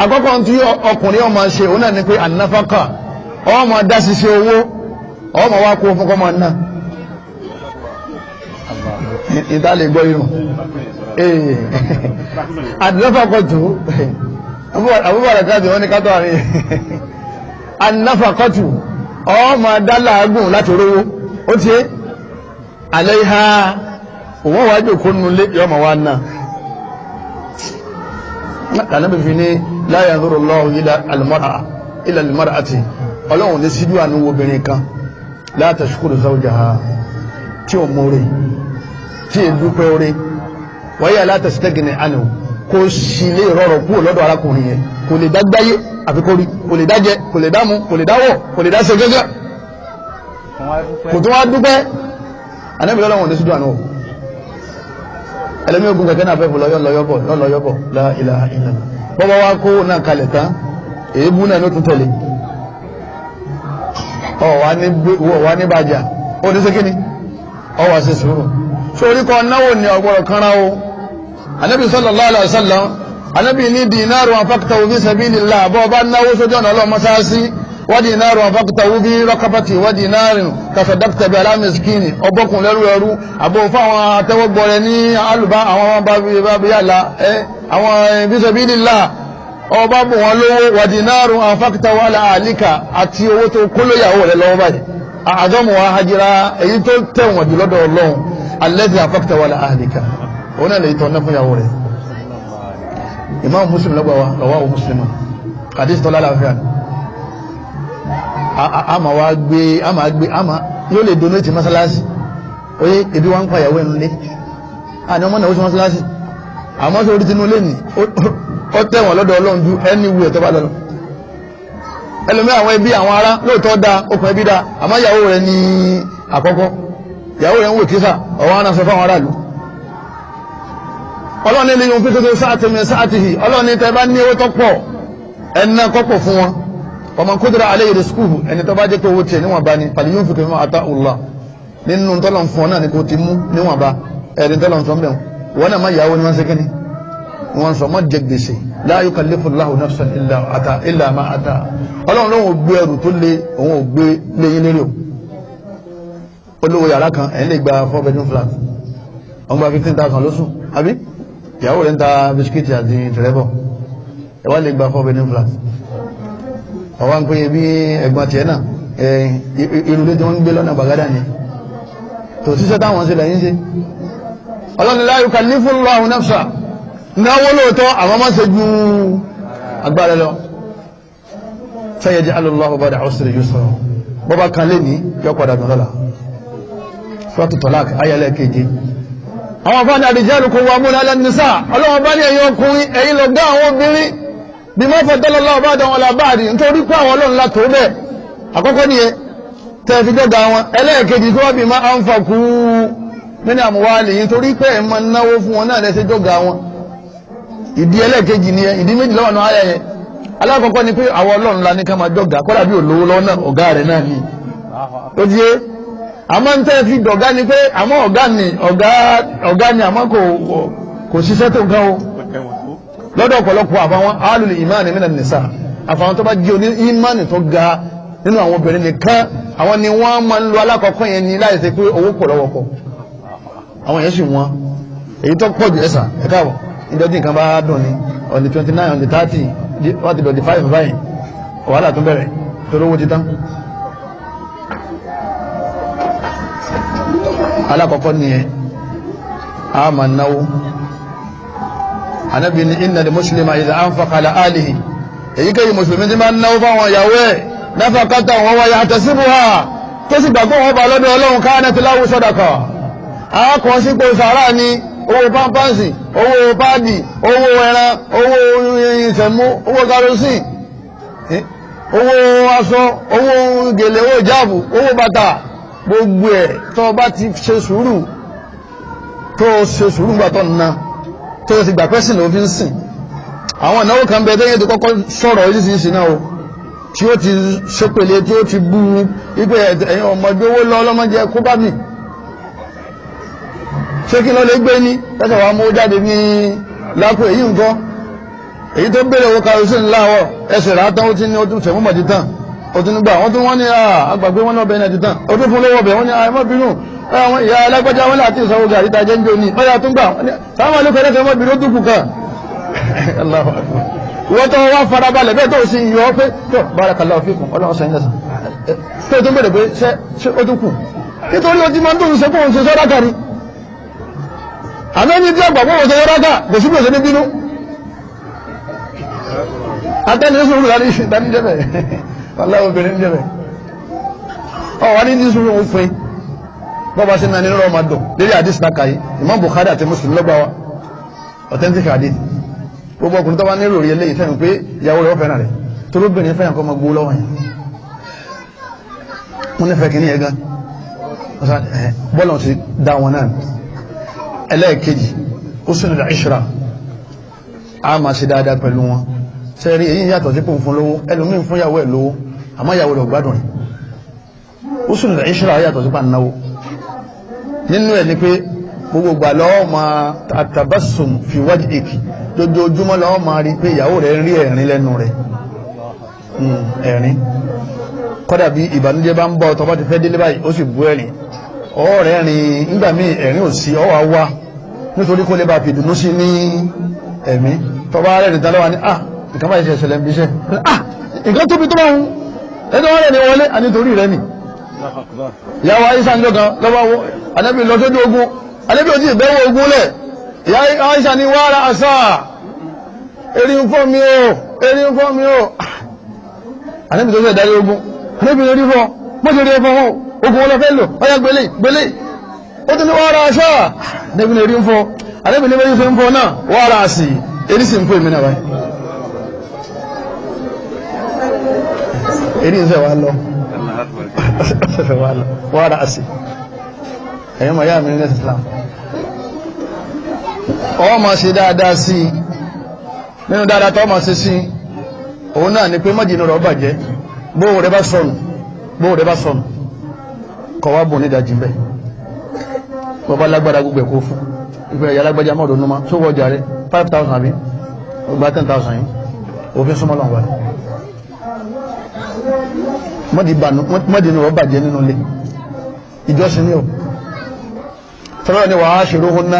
àkọ́kọ́ tí ọkùnrin ọmọ ṣe òun náà ni pé ànáfákà ọmọ dá ṣiṣẹ́ owó ọmọ wá kó fún kọ́mọ náà ìdálé gbọ́ irun eh. ànáfákọ̀ tó àbúrò àràkájọ wọn ni kátó àárín ànáfákọ̀ tó ọmọ dá làágùn láti rówó ó ti àlẹ́ ha òun wá jòkó nínú ilé yọ ọmọ wa náà kànáàbì fi ní la yanzuru Allahu ila al-mar'a ila al-mar'ati ọlọ́run ní síjú àánú obìnrin kan la tashkuru zawjaha tí ò mọ̀ rẹ̀ tí è dúpẹ́ orí wáyé alátẹ̀sítẹ́gìnì àná kò sì lè rọrọ̀ kúrò lọ́dọ̀ arákùnrin yẹn kò lè dágbáyé àfi kò rí kò lè dájẹ kò lè dámú kò lè dáwọ̀ kò lè dáṣe gẹ́gẹ́ kò tó wá dúpẹ́ anábìlọ́lọ́wọ̀n ní sídùn àná ẹlẹ́mí ogun kẹ̀kẹ́ náà fẹ́ fò lọ́yọ́ lọ́yọ́bọ̀ lọ́lọ́yọ́bọ̀ la ilaha illallah bọ́bá wá kó náà kalẹ̀ tán èébú náà ló tún tẹ̀lé ọ̀wá ní bàjá ó ní sékíní ọwà sí sùúrù tó orí kan náwó ni ọgbọ̀rọ̀ kanra o Anabi sallallahu alaihi wasallam anábì ní dìínàrù àfákítà òbí sabilillah bọ́ bá náwó sójú ọ̀nà ọlọ́mọsáásí ودينار وفقته في رقبتي ودينار تصدقت بلا مسكين ọbọkùn lẹ́rú ẹrú àbò fáwọn àtẹwọ́gbọ̀rẹ́ ní àlùbá àwọn bábíyàlá àwọn bíṣẹ̀bílìlá ọba bù wọn lówó wàdínárùn àfákítàwọ́ aláàlíkà àti owó tó kó lóyàwó rẹ̀ lọ́wọ́ báyìí àjọmọ̀ ahajira èyí tó tẹ̀wọ̀n jù lọ́dọ̀ ọlọ́run alẹ́sìn àfákítàwọ́ aláàlíkà òun náà lè tọ́ ná fún Imam Muslim lọ́gbà wa lọ́wọ́ Muslim hadith tọ́lá láàfíà ni a ma wá gbé a ama gbé a ma yóò lè donate masalasi. oye ebi wá ń pa ìyàwó ẹnu lé àní ọmọ náà ó sì mọ́sálásí àmọ́ sí orí tinú lẹ́nìí ó tẹ̀wọ̀n lọ́dọ̀ ọlọ́run ju ẹni wù ẹ̀ tó bá lọ́nà ẹlòmí àwọn ẹbí àwọn ará lóòótọ́ da okùn ẹbí da àmọ́ ìyàwó rẹ̀ ní àkọ́kọ́ ìyàwó rẹ̀ ń wò kísà ọ̀wọ́n aná sọ fáwọn aráàlú ọlọ́run ní lè yun pípẹ́ sáàtì mi sáàtì hì ọlọ́run ní tẹ́ bá ní owó tọ́pọ̀ ẹ̀ná kọ́pọ̀ fún wọn ọmọ kúdúrà alẹ́ yìí rìskúhù ẹni tó bá jẹ́ pé owó tiẹ̀ níwọ̀n bá ní pàlì yóò fi kẹ́mọ́ àtà Allah nínú tọ́lọ̀ fún ọ náà ni kò ti mú níwọ̀n bá ẹ̀rí tọ́lọ̀ fún bẹ́ẹ̀ wọn náà má yàwó ni wọ́n ṣe kíni wọ́n sọ mọ́ jẹ gbèsè la yukallifu Allahu nafsan illa ma ata ọlọ́run lóun ò gbé ẹrù tó lé òun ò gbé léyìn lérí o olówó yàrá kan ẹ̀yìn lè gba four bedroom flat ọmọ bá fifteen thousand lóṣù àbí ìyàwó rẹ̀ ń ta bisikíìtì àti tẹ̀lẹ́bọ̀ ẹ̀ wá lè gba four bedroom flat ọwá ń pè bí ẹ̀gbọ́n tiẹ̀ náà ìrùlé tí wọ́n ń gbé lọ́nà bàgádà ni tò síṣẹ́ táwọn ṣe lẹ́yìn ṣe ọlọ́run la yukallifullahu nafsa náwó lóòótọ́ àwọn ọmọ ṣe ju agbára lọ sayaj'alu Allahu ba'da usri yusra bọ́bá kan lè ní yọ padà dùn lọ́la Suratu Talaq ayẹlẹ́ keje àwọn fáwọn àdìjẹ́ àlùkò wa múlẹ̀ alẹ́ nìsá ọlọ́run bá ní ẹ̀yìn ọkùnrin ẹ̀yìn lọ́gá àwọn obìnrin bí ma faddala Allahu ba'dahum ala ba'din nítorí pé àwọn ọlọ́run látò bẹ́ẹ̀ àkọ́kọ́ nìyẹn tẹ́ fi dọ́gba wọn ẹlẹ́ẹ̀kejì tó wá bí ma anfaqu min amwalihim torí pé ẹ̀ náwó fún wọn náà lẹ́sẹ̀ dọ́gba wọn ìdí ẹlẹ́ẹ̀kejì ni ìdí méjì lọ́wọ́ ni la ní ká máa ni lọ́dọ̀ ọ̀pọ̀lọpọ̀ àfàwọn alùlù ìmáàni mìíràn nìsà àfàwọn tó bá jí oní ìmáàni tó ga nínú àwọn obìnrin nìkan àwọn ni wọ́n máa ń lo alákọ̀ọ́kọ́ yẹn ní láì ṣe pé owó pọ̀ lọ́wọ́ pọ̀ àwọn yẹn sì wọ́n èyí tó pọ̀ jù ẹ̀sà ẹ̀ káàbọ̀ ìdọ́jú nǹkan bá dùn ni on the twenty nine on the thirty wọ́n ti dọ̀ the five báyìí wàhálà tún bẹ̀rẹ̀ torí owó ti tán. alákọ̀ọ́kọ́ nìyẹn a máa náwó anábì ní inna al-muslima idha anfaqa ala alihi èyíkéyìí mùsùlùmí ti máa ń náwó fáwọn ìyàwó ẹ̀ nafaqatan wa huwa yahtasibuha tó sì gbàgbọ́ wọn bá lọ́dọ̀ ọlọ́run kanat lahu sadaqa àákan sípò sàárà ni owó pampasì owó páàdì owó ẹran owó ìṣẹ̀mú owó karosín owó aṣọ owó gèlè owó jáàbù owó bàtà gbogbo ẹ̀ tó bá ti ṣe sùúrù tó ṣe sùúrù gbàtọ̀ náà tó o ti gbà pẹ́sìn ló fi ń sìn àwọn ìnáwó kan bẹ tẹ́yẹ́ tó kọ́kọ́ sọ̀rọ̀ oríṣiríṣi náà o tí ó ti ṣépele tí ó ti bú wípé ẹ̀yin ọmọdé owó lọ ọlọ́mọdé kó bá mi ṣé kí lọ́ọ́ lè gbé ní tẹ́tẹ̀ wàá mú jáde ní lápò èyí nǹkan èyí tó bèrè owó karosíìnì láàárọ̀ ẹsẹ̀ rà tán ó ti ní ó tún fẹ̀mú mọ̀dí tán òtún gbà wọ́n tún wọ́n ní àgbàgbé wọn náà bẹ́ẹ̀ ní àtìtàn òtún fún lówó bẹ́ẹ̀ wọ́n ní àìmọ́ bínú àwọn ìyá alágbájá wọn láti ìsanwó gàrí ta jẹ́ ń jò ní báyà tún gbà sáwọn olókè rẹ̀ fẹ́ mọ́ bínú dúkù kan wọ́n tó wá farabalẹ̀ bẹ́ẹ̀ tó sì yọ pé tó barakallahu fikum ọlọ́run sẹ́yìn lẹ́sìn tó tó bẹ̀rẹ̀ pé ṣé ó tún kù nítorí ojú máa ń tó ń ṣe fóun ṣe sọ́dá kárí àmọ́ ní bí ọgbà fóun ṣe sọ́dá ká kò sí bòṣe ní bínú atẹ́ni sùúrù láti ìdáníjẹ́ bẹ̀rẹ̀ aláwọ̀ obìnrin jẹ́bẹ̀ ọwọ́ ní ní sùúrù ń fún bọ́bá sí náà nínú ọmọ dùn lérí àdìs lákàáyé Imam Bukhari àti Muslim lọ́gbà wa authentic hadith gbogbo ọkùnrin tó bá ní ìròyìn eléyìí fẹ́mi pé ìyàwó rẹ̀ ọ̀fẹ́ rẹ̀ tó lóbìnrin fẹ́yàn kọ́ mọ gbó lọ́wọ́ yẹn wọ́n nífẹ̀ẹ́ kìíní yẹn gan bọ́lá ti dá wọn náà ẹlẹ́ẹ̀kejì ó sì nílò ìṣúra a máa ṣe dáadáa pẹ̀lú wọn sẹ́rí èyí yàtọ̀ sí pòun fún lówó ẹlòmí fún yàwó ẹ̀ lówó àmọ́ yàwó rẹ̀ gbádùn rẹ̀ ó sì lè ṣíra yàtọ̀ sí pàǹnáwó nínú ẹ̀ ni pé gbogbo gbà lọ́wọ́ ma àtàbásùn fi wájú èkì lójoojúmọ́ lọ́wọ́ ma rí pé ìyàwó rẹ̀ rí ẹ̀rín lẹ́nu rẹ̀ hmm, ẹ̀rín kọ́dà bí ìbànújẹ́ bá ń bọ́ ọ̀tọ̀ bá ti fẹ́ délé báyìí ó sì bú ẹ̀rín ọwọ́ rẹ̀ rìn nígbà míì ẹ̀rín ò sí ọwọ́ wá nítorí kó lè bá fi dùnú sí ní ẹ̀mí tọ́ba rẹ̀ nìta lọ́wọ́ ni ah nǹkan bá ṣe ṣẹlẹ̀ ń bíṣẹ́ ah nǹkan tóbi tó bá ń ẹjọ́ wọn rẹ̀ ní wọlé a nítorí rẹ̀ nì ìyàwó Aisha ń jọkan lọ́wọ́ anábì lọ sójú ogun anábì ò tí ì bẹ́wọ̀ ogun lẹ̀ ìyá Aisha ní wàhálà àṣà erin fọ́ mi o erin fọ́ mi o anábì ah! tó ṣe ìdarí ogun anábì lórí fọ́ mo ṣe rí ẹ fọ́ ogun wọn lọ fẹ́ lò ọyá gbélé gbélé ó tún ní wàhálà àṣà anábì ah! lórí fọ́ anábì lórí fọ́ náà wàhálà àṣì erin sì ń fọ́ èmi náà báyìí. èrí ń sẹ́wà lọ wàrà àṣì ẹ̀yọ́ mọ̀ yá mi ní Islam ọwọ́ ma ṣe dáadáa si. nínú dáadáa tó ma se sí òun náà ni pé mọ́jìnà rọ̀ bàjẹ́ bóò rẹ bá sọnù bóò rẹ bá sọnù kọwa bùn ní ìdajì bẹ́ẹ̀ bọ́bá lágbára gbogbo ẹ̀kọ́ fún ìfẹ́ ìyá lágbájá mọ́ọ̀dọ̀ númá tó wọ́jà rẹ̀ thousand. àbí ọgbà 10000 yìí òfin súnmọ́ lọ́wọ́ rẹ̀ mọ́dínú wọ́n bàjẹ́ nínú ilé ìjọsìn ní ọ̀ tọ́lọ́ ni wàá ṣe róhun ná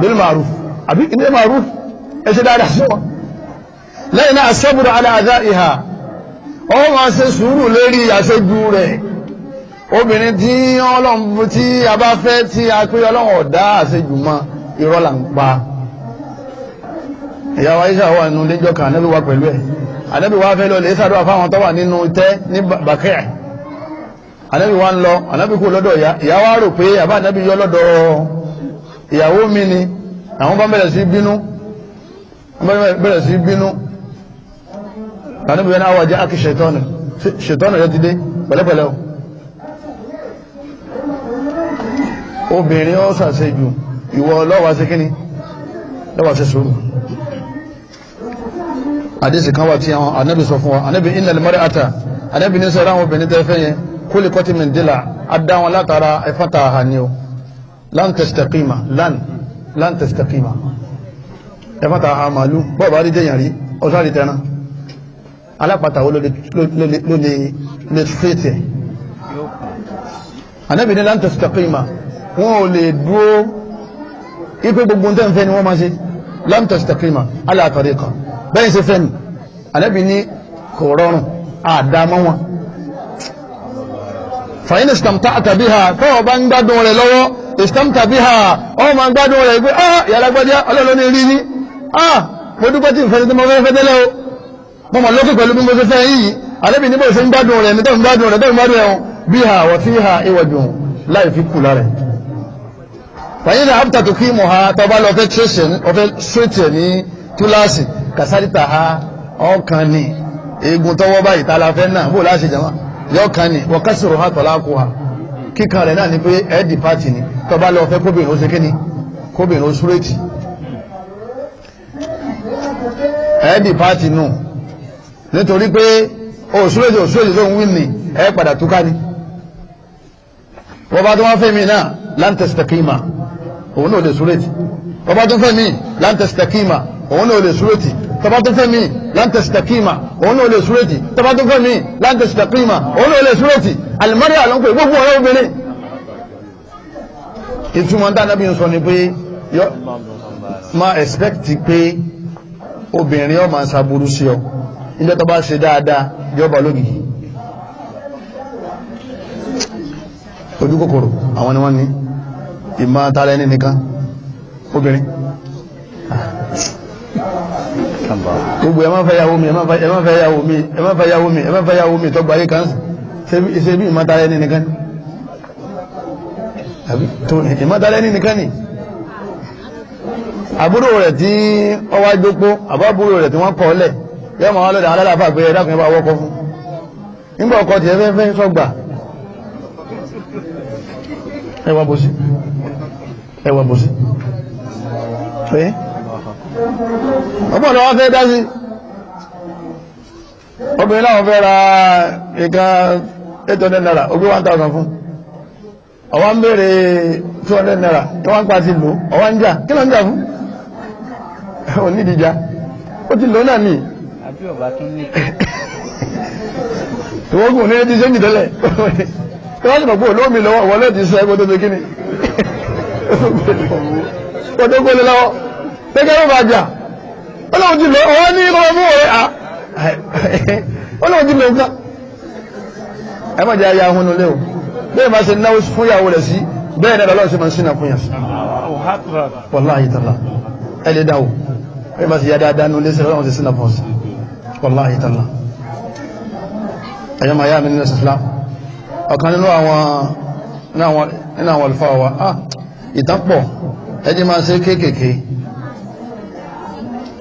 bil ma'ruf àbí ilé ma'ruf ẹ ṣe dáadáa sí wọn lẹ́yìn náà sọ́bùrù ala adha'iha ó máa ṣe sùúrù lérí àṣejù rẹ̀ obìnrin tí ọlọ́run tí a bá fẹ́ tí a pé ọlọ́run ọ̀dá àṣejù mọ́ irọ́ ìyàwó Aisha wà nínú ilé ìjọ ànábì wá fẹ́ lọ lè sàdúrà fáwọn tó wà nínú tẹ́ ní bàkẹ́ ànábì wá ń lọ ànábì kú lọ́dọ̀ ìyá ìyá wá rò pé àbá ànábì yọ lọ́dọ̀ ìyàwó mi ni àwọn bá bẹ̀rẹ̀ sí bínú bẹ̀rẹ̀ sí bínú ànábì yẹn náà jẹ́ ákì ṣètọ́nù ṣètọ́nù rẹ ti pẹ̀lẹ́pẹ̀lẹ́ o obìnrin ó ṣàṣejù ìwọ lọ́wọ́ ṣe kíni lọ́wọ́ ṣe sùúrù àdìsí kan wà tí àwọn anábì sọ fún wa anábì innal mar'ata anábì ní sọ́ra àwọn obìnrin tẹ́ fẹ́ yẹn kólé kọ́tí min dila adá wọn látara ẹ̀fọ́ta àhàní o lan tastaqima lan lan tastaqima ẹ̀fọ́ta àhà màálù bọ́ọ̀ bá rí déyàn rí ọ̀sán rí tẹ́ran alápàtà wo ló lè fètè anábì ní lan tastaqima wọn ò lè dúró ipe gbogbo tẹ́ ń fẹ́ ni wọ́n máa ṣe lan tastaqima ala tariqa bẹ́yìn ṣe fẹ́ ni ànábì ní kò rọrùn àdámọ́ wọn fàyín ìsìtàmtà àtàbí ha tọ́wọ́ bá ń gbádùn rẹ̀ lọ́wọ́ ìsìtàmtà bí ha ọmọ máa ń gbádùn rẹ̀ pé ah yàlágbádìá ọlọ́run ní rí ní ah mo dúpẹ́ tí ìfẹ́ tí mo fẹ́ fẹ́ tẹ́lẹ̀ o mo mọ̀ lókè pẹ̀lú bí mo ṣe fẹ́ yìí ń fẹ́ tíṣẹ̀ ní kàsárìtà ha ọkàn ni eegun tọwọ́ báyìí tala fẹ́ náà bó láṣẹ jama yọkàn ni wọ́n kásìrò ha tọ́lá kó ha kíkan rẹ̀ náà ni pé ẹ́ẹ̀dì pàtì ni tọba lọ fẹ́ kóbìnrin ó ṣe kíni kóbìnrin ó súrètì ẹ́ẹ̀dì pàtì nù nítorí pé òṣúrèdè òṣúrèdè tó ń wí ní ẹ padà túká ní bọ́bá tó wọ́n fẹ́ mi náà láńtẹ̀sítẹ̀kìmà òun náà lè súrètì bọ́bá tó fẹ́ mi láńtẹ̀sítẹ̀kìmà òun náà lè súrètì tọba tó fẹ́ mi láǹtẹ̀ sítakíma òun náà lè súrètì tọba mi láǹtẹ̀ sítakíma òun náà lè súrètì alimari alonso gbogbo ọ̀rẹ́ obìnrin. ìtumọ̀ dáná bí n sọ ni pé máa expect pé obìnrin ó máa ṣàbùrú sí ọ ilé tó bá ṣe dáadáa yọba lógìkì ojú kòkòrò àwọn ni wọ́n ní ìmọ̀ tààrà ẹni nìkan obìnrin gbogbo ẹ má fẹ́ yàwó mi ẹ má fẹ́ yàwó mi ẹ má fẹ́ yàwó mi ẹ má fẹ́ yàwó mi tọgbà yìí kan ṣe bí ìmọ̀tara ẹni nìkan ni àbúrò rẹ̀ tí ó wá jókòó àbábúrò rẹ̀ tí wọ́n kọ́ lẹ̀ ọgbọ́nà wọ́n fẹ́ dásí obìnrin láwọn fẹ́ ra nǹkan 800 naira ogún 1000 fún ọwọ́ ń bèèrè 200 naira ìwọ́n ń pa ti lò ọwọ́ ń jà kí ló ń jà fún ò ní ó ti lò náà ní ìwọ́gùn ní ti ṣe ń jìtẹ́lẹ̀ tí wọ́n sì mọ̀ pé lọ́wọ́ ìwọ́lẹ́ ti sọ ẹgbẹ́ tó ti kíni ó tó gbélé lọ́wọ́ gẹ́gẹ́ ló bá jà ọlọ́run ti lọ ọwọ́ ní ọmọ mú ọ̀rẹ́ à ah, ọlọ́run ti lọ nǹkan ẹ má jẹ́ ayé ahun lé o bẹ́ẹ̀ máa ṣe náwó fún ìyàwó rẹ̀ sí bẹ́ẹ̀ náà lọ́wọ́ sí máa ń sínà fún yàn sí wàláhì tàlà ẹ lè dáwò bẹ́ẹ̀ máa ṣe yá dáadáa nulẹ̀ sí lọ́wọ́ sí sínà fún sí wàláhì tàlà ẹ̀yọ́ máa yá mi nínú ìsìlá ọ̀kan nínú àwọn nínú àwọn àlùfáà wa ah, ìtàn pọ̀ ẹjẹ́ máa ṣe kéékèèké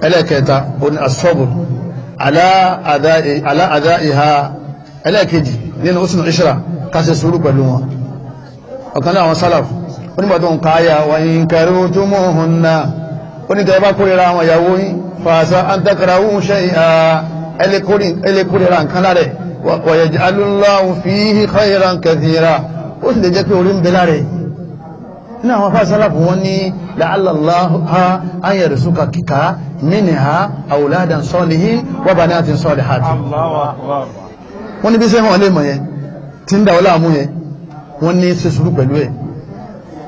ẹlẹ́kẹta oní asọ́bù aláàdá ìhà ẹlẹ́kẹjì nínú ó sínú ìṣẹ́ra kásẹ̀ sùúrù pẹ̀lú wọn ọ̀kan náà àwọn sálàf onígbàtọ̀ ń káyà wà ní kẹrù tó mọ́hun náà onígbà bá kórìíra àwọn ìyàwó yín fàṣà àǹtàkàrà òun ṣe ìhà ẹlẹ́kórìíra nǹkan lárẹ̀ wọ̀yẹ̀jẹ̀ alúláhùn ní àwọn afá sálàfù wọn ní la'allallāha an yarzuqa kíkà minhā awladan ṣāliḥīn wa banātin ṣāliḥātin wọ́n ní bí sẹ́yìn wọn lè mọ̀ yẹn tí ń dà ọlá àmú yẹn wọ́n ní ṣe sùúrù pẹ̀lú ẹ̀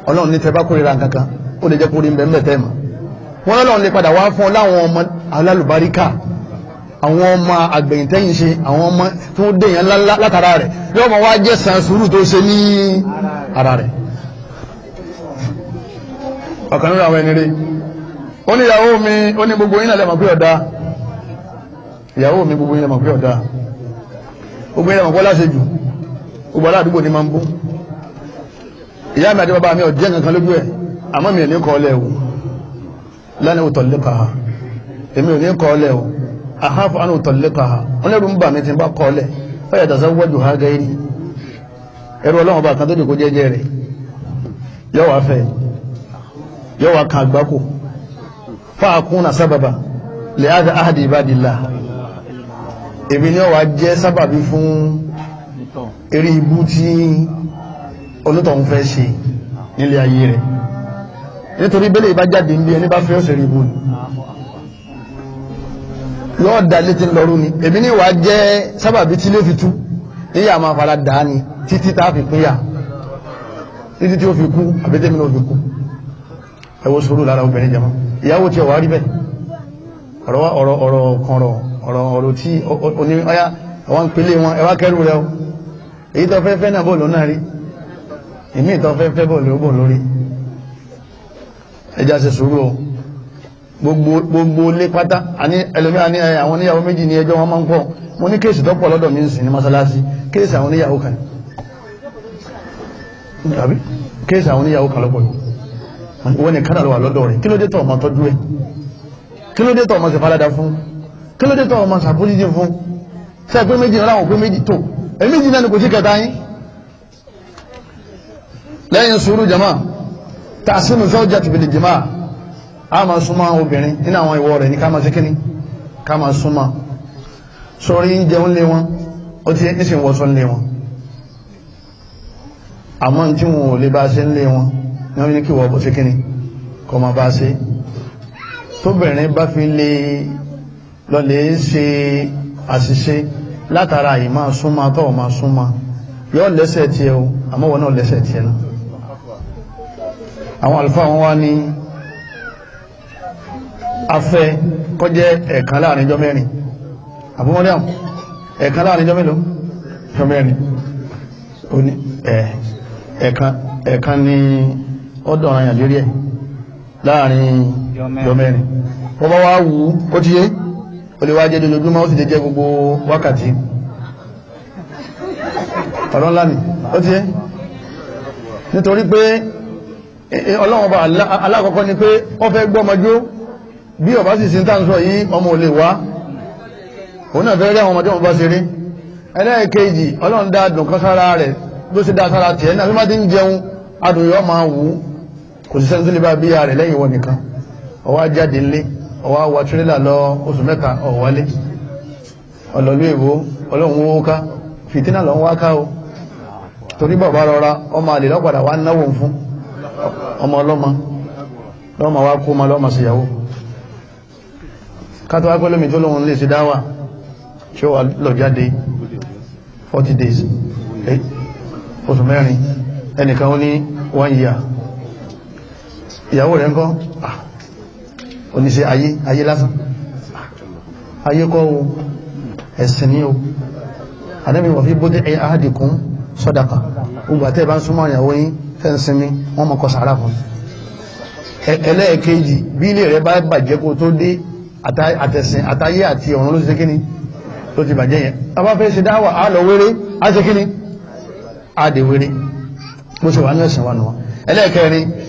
ọlọ́run ní tẹ́bá kórìíra kankan ó lè jẹ́ kórìí mbẹ́mbẹ́ tẹ́ẹ̀mà wọ́n lọ́lọ́run lè padà wá fún ọ láwọn ọmọ alálùbáríkà àwọn ọmọ àgbẹ̀yìntẹ́yìn àwọn ọmọ tó ń dèèyàn látara rẹ̀ yóò ọ̀kan nínú àwọn ẹni rí ó ní ìyàwó mi ó ní gbogbo yín náà lẹ́mọ̀ pé ọ̀dá ìyàwó mi gbogbo yín lẹ́mọ̀ pé ọ̀dá gbogbo pé gbogbo aládùúgbò ni máa ń bú ìyá mi àti bàbá mi ọ̀jẹ́ nǹkan lójú ẹ̀ àmọ́ mi ò ní kọ́ ọ lẹ́wọ̀ lánàá ò tọ̀lẹ́kà ha èmi ò ní kọ́ ọ lẹ́wọ̀ àháfọ́ àná ò tọ̀lẹ́kà ha wọn lẹ́rù ń bà mí ti bá kọ́ ọ fẹ́yà dàsá ha gẹ́rì ẹ̀rọ ọlọ́run bá kan tó jẹ́jẹ́ rẹ̀ yóò wá kan àgbákò fáàkúnà sábàbà lè ága áhàdì ìbádìlá èmi ni ó wá jẹ́ sábàbí fún eré ibú tí onítọ̀hún fẹ́ ṣe nílé ayé rẹ̀ nítorí bẹ́lẹ̀ ìbá jáde ní ẹni bá fẹ́ ọ̀sẹ̀ rí ibú yóò dá létí lọ́rú ni èmi ni wá jẹ́ sábàbí tí ló fi tú níyà máa fara dà á ni títí tá a fi pínyà títí tí ó fi kú àbẹ́tẹ́mi náà fi kú ẹwọ́ sùúrù lára obìnrin jẹmọ́ ìyàwó tí ọwà rí bẹ́ ọ̀rọ̀ ọ̀rọ̀ ọ̀rọ̀ ọ̀kànrọ̀ ọ̀rọ̀ ọ̀rọ̀ tí oní ọya àwọn ń pèlé wọn ẹwà kẹrù rẹ èyí tó fẹ́fẹ́ náà bọ́ọ̀lù náà rí ìmí tó fẹ́fẹ́ bọ́ọ̀lù ó bọ́ọ̀lù rí ẹjá ṣe sùúrù o gbogbo lé pátá àní ẹlòmí àní àwọn oníyàwó méjì ní ẹjọ́ wọn máa ń pọ̀ mo ní kéèsì tó pọ̀ lọ́dọ̀ mi ń àwọn oníyàwó kan kéèsì wọ́n ni kádà lọ́wà lọ́dọ̀ rẹ̀ kí ló dé tọ́ ọmọ tọ́jú ẹ̀ kí ló dé tọ́ ọmọ sẹ̀fàládà fún kí ló dé tọ́ ọmọ sàfójíjì fún sẹ́ pé méjì náà wọ́n méjì tó ẹ̀méjì náà ni kò sí kẹta yín lẹ́yìn sùúrù jama tàṣínú sọ́jà tìbìlì jama a máa súnmọ́ obìnrin nínú àwọn ìwọ rẹ̀ ní ká máa ṣe kíní ká máa súnmọ́ sọrí ń jẹun lé wọn ó ti ní sì wọ́sọ́ lé wọn àmọ́ tí wọn ò lè bá ṣe ń lé wọn ni wọ́n ní kí wọ́n ṣe kíni kọ́ máa bá ṣe tóbìnrin bá fi lè lọlẹ̀ ṣe àṣìṣe látara yìí máa súnmọ́ tọ́wọ́ máa súnmọ́ yóò lẹ́sẹ̀ tiẹ̀ o àmọ́ wọn náà lẹ́sẹ̀ tiẹ̀ náà àwọn àlùfáà wọn wá ní afẹ́ kọjẹ́ ẹ̀kan láàrin ọjọ́ mẹ́rin àbúmọ́dẹ́m ẹ̀kan láàrin ọjọ́ mélòó ọjọ́ mẹ́rin ẹ̀kan ní ó dọ̀ràn yàn lérí ẹ̀ láàrin yọmẹ́rin wọ́n bá wá wù ú ó ti yé ó lè wá jẹ́ lójoojúmọ́ ó sì lè jẹ́ gbogbo wákàtí ọ̀rọ̀ ó ti yé nítorí pé ọlọ́run bá alákọ̀ọ́kọ́ ni pé wọ́n fẹ́ gbọ́mọjú bí ọba sì sí tàǹsọ yìí ọmọ ò lè wá òun náà fẹ́ rí àwọn ọmọdé wọn bá ṣeré ẹlẹ́ẹ̀kejì ọlọ́run dá dùn kan sára rẹ̀ ló sì dá sára tiẹ̀ náà fi má ti ń jẹun adùn yọ máa wù ú kò sí sẹ́ńtúlì bá bíyà rẹ̀ lẹ́yìn wọn nìkan ọwọ́ ajáde ńlé ọwọ́ awọ tírélà lọ oṣù mẹ́ta ọ̀wọ́lé ọ̀lọ́lú èbó ọlọ́run owó ká fìtínà lọ ń wá ká o torí bàbá rọra ọmọ àlè lọ́padà wá náwó fún ọmọ ọlọ́mọ lọ́mọ wá kó ma lọ́mọ síyàwó kátó wá pẹ́ lómi tó lóhun lè ṣe dáwà ṣé wà lọ jáde 40 days eh, oṣù mẹ́rin ẹnìkan ó ní one year ìyàwó rẹ̀ ń kọ́ oníṣẹ́ ah. ayé ayé lásán ah. ayé kọ́ o ẹ̀sìn ní o Ànábì wọ̀ fi bóde ẹ̀ ahadikum sọ́dàkà ugbà tẹ́ bá ń súnmọ́ ìyàwó yín fẹ́ ń sinmi wọ́n mọ̀ kọ sàárà fún ẹlẹ́ẹ̀kejì bí ilé rẹ̀ bá bàjẹ́ kó tó dé àtẹ̀sìn àtayé àti ọ̀run ló ti kíni ló ti bàjẹ́ yẹn a bá fẹ́ ṣe dáwà á lọ wéré á ṣe kíni á dé wéré bó ṣe wà ní ẹ̀sìn wa nù wọn ẹlẹ́ẹ̀kẹrin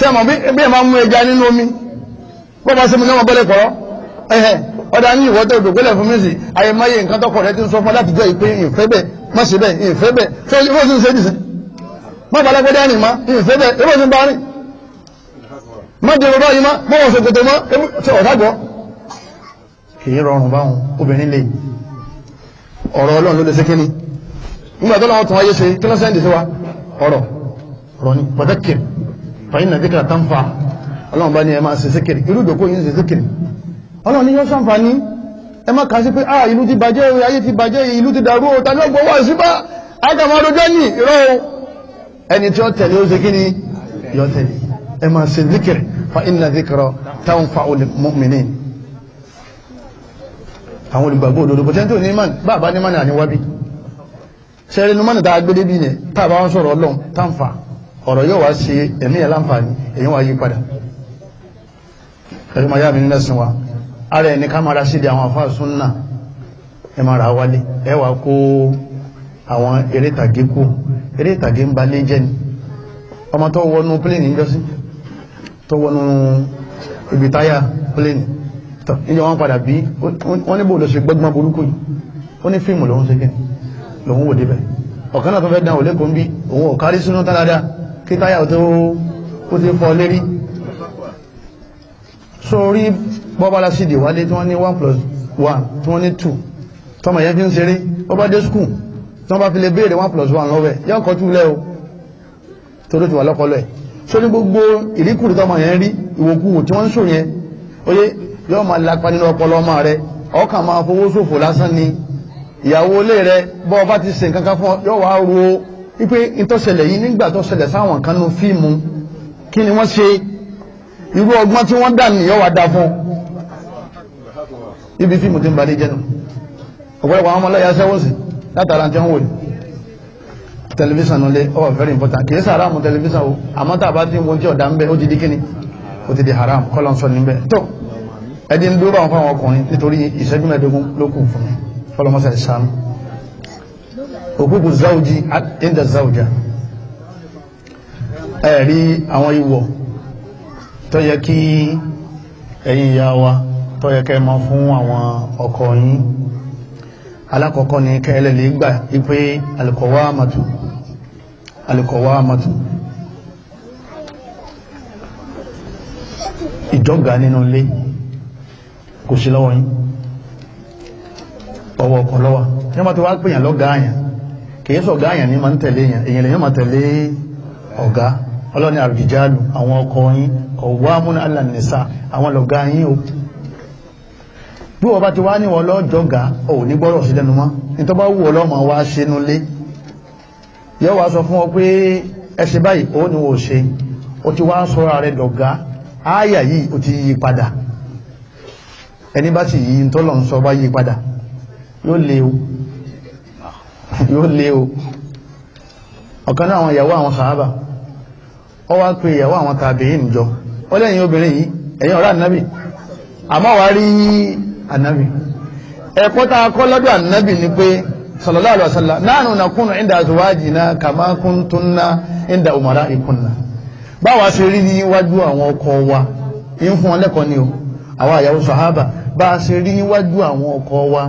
sẹ́mọ̀ bí ẹ̀ máa mú ẹja nínú omi bọ́bá sí mi náà bọ́lẹ̀ pọ̀ ẹ̀hẹ̀ ọ̀dá ní ìwọ́tẹ̀ òdògbélẹ̀ fún mi sí ayẹmáyé nǹkan tọkọ rẹ ti ń sọ fún láti jẹ́ ìpé ìfẹ́ bẹ̀ má sí bẹ̀ ìfẹ́ bẹ̀ tó ìfẹ́ sí ń ṣe jìsẹ́ má bàlá pé dání má ìfẹ́ bẹ̀ ìfẹ́ sí ń bá rìn má dé ọ̀rọ̀ yìí má mọ́ wọ́n ṣòkòtò má ṣe ọ̀dágbọ́ kìí rọrùn báwọn obìnrin lè ọ̀rọ̀ ọlọ́run ló lè ṣe kíni nígbà tó lọ́wọ́ tún ayé ṣe kí lọ́sẹ̀ ń dì sí wa ọ̀rọ̀ ọ̀rọ̀ ni pàtàkì fàyín nà zikra tán fa ọlọ́run bá ní ẹ máa ṣe zikiri irú ìdòkó yìí ṣe zikiri ọlọ́run ní yóò sànfàní ẹ má kà sí pé ah ìlú ti bàjẹ́ o ayé ti bàjẹ́ ìlú ti dàrú o tàbí ọgbọ̀ wà síbá agbàmọ́ ọdọ́jọ́ ní ìrọ́ o ẹni tí ó tẹ̀lé ó ṣe kí ni yóò tẹ̀lé ẹ máa wọn sọ̀rọ̀ ọlọ́run tá ọ̀rọ̀ yóò wá sí ẹ̀mí ẹ̀ láǹfààní èyí wá yí padà ẹ̀rọ mayá mi ní lẹ́sìn wa ara ẹni ká mara sí di àwọn afá súnnà ẹ máa ra wálé ẹ wà kó àwọn eré tàgé kú eré tàgé ń balé jẹ́ ni ọmọ tó wọnú pléènì jọ́sí tó wọnú ibi táyà pléènì tọ́ níjọ wọn padà bí wọ́n níbo lọ sí gbọ́gbọ́n burúkú yìí ó ní fíìmù lòun ṣe kí lòun wò débẹ̀ ọ̀kan náà tó fẹ́ dán òlékòó ń bí òun ò kárí sínú tán dáadáa kí táyà tó ó ti fọ́ lérí so orí bọ́bálá sí ìdè wálé tí wọ́n ní 1 plus 1 tí wọ́n ní 2 tọmọ yẹn fi ń ṣeré ó bá dé skùn tí wọ́n bá fi lè béèrè 1 plus 1 lọ́wẹ́ yọ́ kọjú lẹ́ o torí ti wà lọ́kọlọ́ ẹ̀ so ní gbogbo ìríkùrù tọmọ yẹn rí ìwòkúwò tí wọ́n ń sò yẹn oyé yọ́ máa lapa nínú ọpọlọ ọmọ rẹ ọkàn máa fowó ṣòfò lásán ni ìyàwó ilé rẹ bọ́ bá ti ṣe nǹkan kan fún yọ́ wàá ro wípé ìtọ́sẹ̀lẹ̀ yìí nígbà tó ṣẹlẹ̀ sáwọn kan nú fíìmù kí ni wọ́n ṣe irú ọgbọ́n tí wọ́n dà nìyọ́ wà dá fún ibi fíìmù tí ń balẹ̀ jẹ́nu ọ̀pọ̀lọpọ̀ àwọn ọmọlẹ́yà sẹ́wọ́sì látara tí wọ́n wò ní tẹlifíṣàn nílé ọwọ́ very important kìí sí haramu tẹlifíṣàn o àmọ́ tá a bá ti ń wo tí ọ̀dà ń bẹ ó ti di kíni ó ti di haram kọ́lọ̀ ń sọ níbẹ̀ tó ẹdín dúró báwọn fáwọn ọkùnrin nítorí ìṣẹ́jú mẹ́ẹ̀ẹ́dógún ló kù fún mi fọlọ́mọsẹ̀ ìṣàánú òkúkú záújí inda záújá ẹ̀rí àwọn ìwọ̀ tó yẹ kí ẹ̀yin ìyá wa tó yẹ kẹ́ máa fún àwọn ọkọ yín alákọ̀ọ́kọ́ ni kẹ́ẹ̀lẹ̀ lè gbà ipé alqawamatu alqawamatu ìjọ́gà nínú ilé kò sí lọ́wọ́ yín ọwọ́ ọkọ̀ lọ́wà ní ọmọ tó wá pèyàn lọ́gá kìí sọ̀gá àyàn ní ma ń tẹ̀lé yàn èyàn lè yàn ma tẹ̀lé ọ̀gá ọlọ́ni àrùjálù àwọn ọkọ yín ọ̀wá múnà alànìsà àwọn lọ̀gá yín o bí wọ́n bá ti wá ní wọ́n lọ́jọ́gá ò ní gbọ́rọ̀ sí lẹ́nu mọ́ ní tó bá wù ọ lọ́mọ wá ṣe yóò lé o ọ̀kan náà àwọn ìyàwó àwọn sàábà ọ wá pé ìyàwó àwọn tàbíyìn jọ ó lẹ́yìn obìnrin yìí ẹ̀yìn ọ̀rá ànábì àmọ́ wá rí ànábì ẹ̀kọ́ tá a kọ́ lọ́dọ̀ ànábì ni pé sallallahu alaihi wasallam nahnu nakunu inda azwajina kama inda umaraikunna báwa ṣe rí níwájú àwọn ọkọ wa ń fún wọn lẹ́kọ̀ọ́ ni o àwọn bá a ṣe rí níwájú àwọn ọkọ wa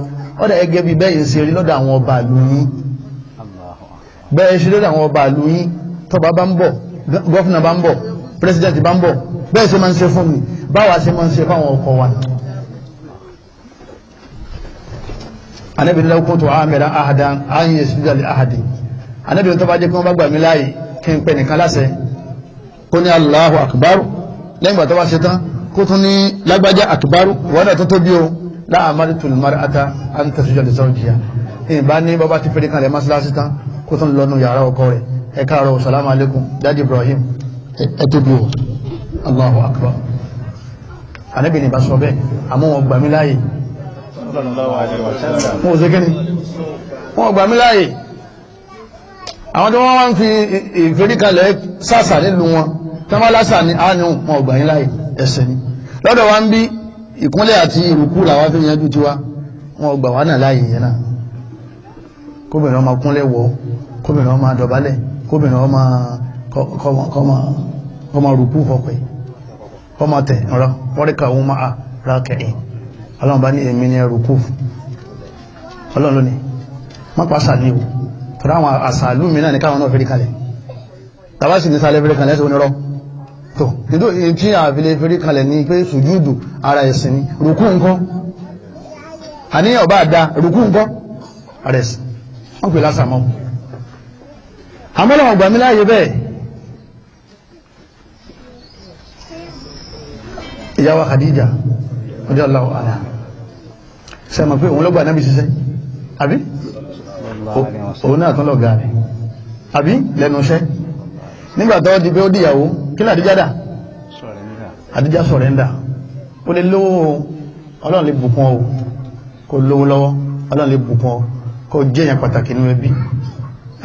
ọ̀dà ẹgẹ́ bí bẹ́ẹ̀ ṣe rí lọ́dọ̀ àwọn ọba ìlú yín bẹ́ẹ̀ ṣe lọ́dọ̀ àwọn ọba ìlú yín tọba bá ń bọ̀ gọ́fìnà bá ń bọ̀ pírẹsidẹ̀ntì bá ń bọ̀ bẹ́ẹ̀ ṣe máa ń ṣe fún mi báwa ṣe máa ń ṣe fáwọn ọkọ wa anabi ní lọ́kùn tó àmẹ́ra ahadan ayé sídàlẹ̀ ahadi anabi ní tọ́ba jẹ́ kí wọ́n bá gbà mí láàyè kí n pẹ́ nìkan láṣẹ kó ní Allahu akbar lẹ́yìn ìgbà tó bá ṣe tán kó tún láàmàlì tùlùmárì ata an tẹ̀síjọ́ lè sọ́rọ̀ jìyà ìbá ní bọ́bá ti fẹ́rẹ̀ kan lẹ̀ mọ́sálásí tán kó tún lọ́nu yàrá ọkọ rẹ̀ ẹ káàárọ̀ salamu alaikum dadi Ibrahim ẹ tóbi o Allahu akbar ànábì ní bá lọ́dọ̀ wa ń bí ìkúnlẹ̀ àti ìrùkú làwọn fi yanjú tiwa wọn gbà wà náà láàyè yẹn náà kóbìnrin ọmọ kúnlẹ̀ wọ kóbìnrin ọmọ dọ̀bálẹ̀ kóbìnrin ọmọ kọmọ rùkú fọ́pẹ́ kọmọ tẹ̀ ọ̀rọ̀ wọ́n rí kàwọn máa ra kẹ̀yìn ọlọ́run bá ní èmi ní rùkú ọlọ́run ló ní mọ́pá àṣàlú o tọ́ra àwọn àṣàlú mi náà ní káwọn náà fẹ́rí kalẹ̀ tàbá sì ní sálẹ́ fẹ́rí kalẹ̀ sí onírọ́ tó ìdó tí a fi lè fèrè kalẹ̀ ní pé sùjúdù ara ẹ̀sìn ni rùkú nǹkan àníyàn ọba àdá rùkú nǹkan ara ẹ̀sìn wọ́n pè lásàmọ́ àmọ́lọ́wọ̀n gbàmí láàyè bẹ́ẹ̀ ìyàwó Khadija ọjọ́ aláwọ̀ àdá sẹ́mọ̀ pé òun lọ́gbà náà bí ṣiṣẹ́ àbí òun náà tún lọ́gà rẹ̀ àbí lẹ́nu iṣẹ́ nígbà tó di pé ó dìyàwó kí lè àdíjá dà àdíjá sọ̀rẹ́ndà ó lè lówó ọlọ́run lè bùkún ọ kó lówó lọ́wọ́ ọlọ́run lè bùkún ọ kó jẹ́ èèyàn pàtàkì nínú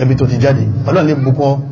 ẹbí tó ti jáde ọlọ́run lè bùkún ọ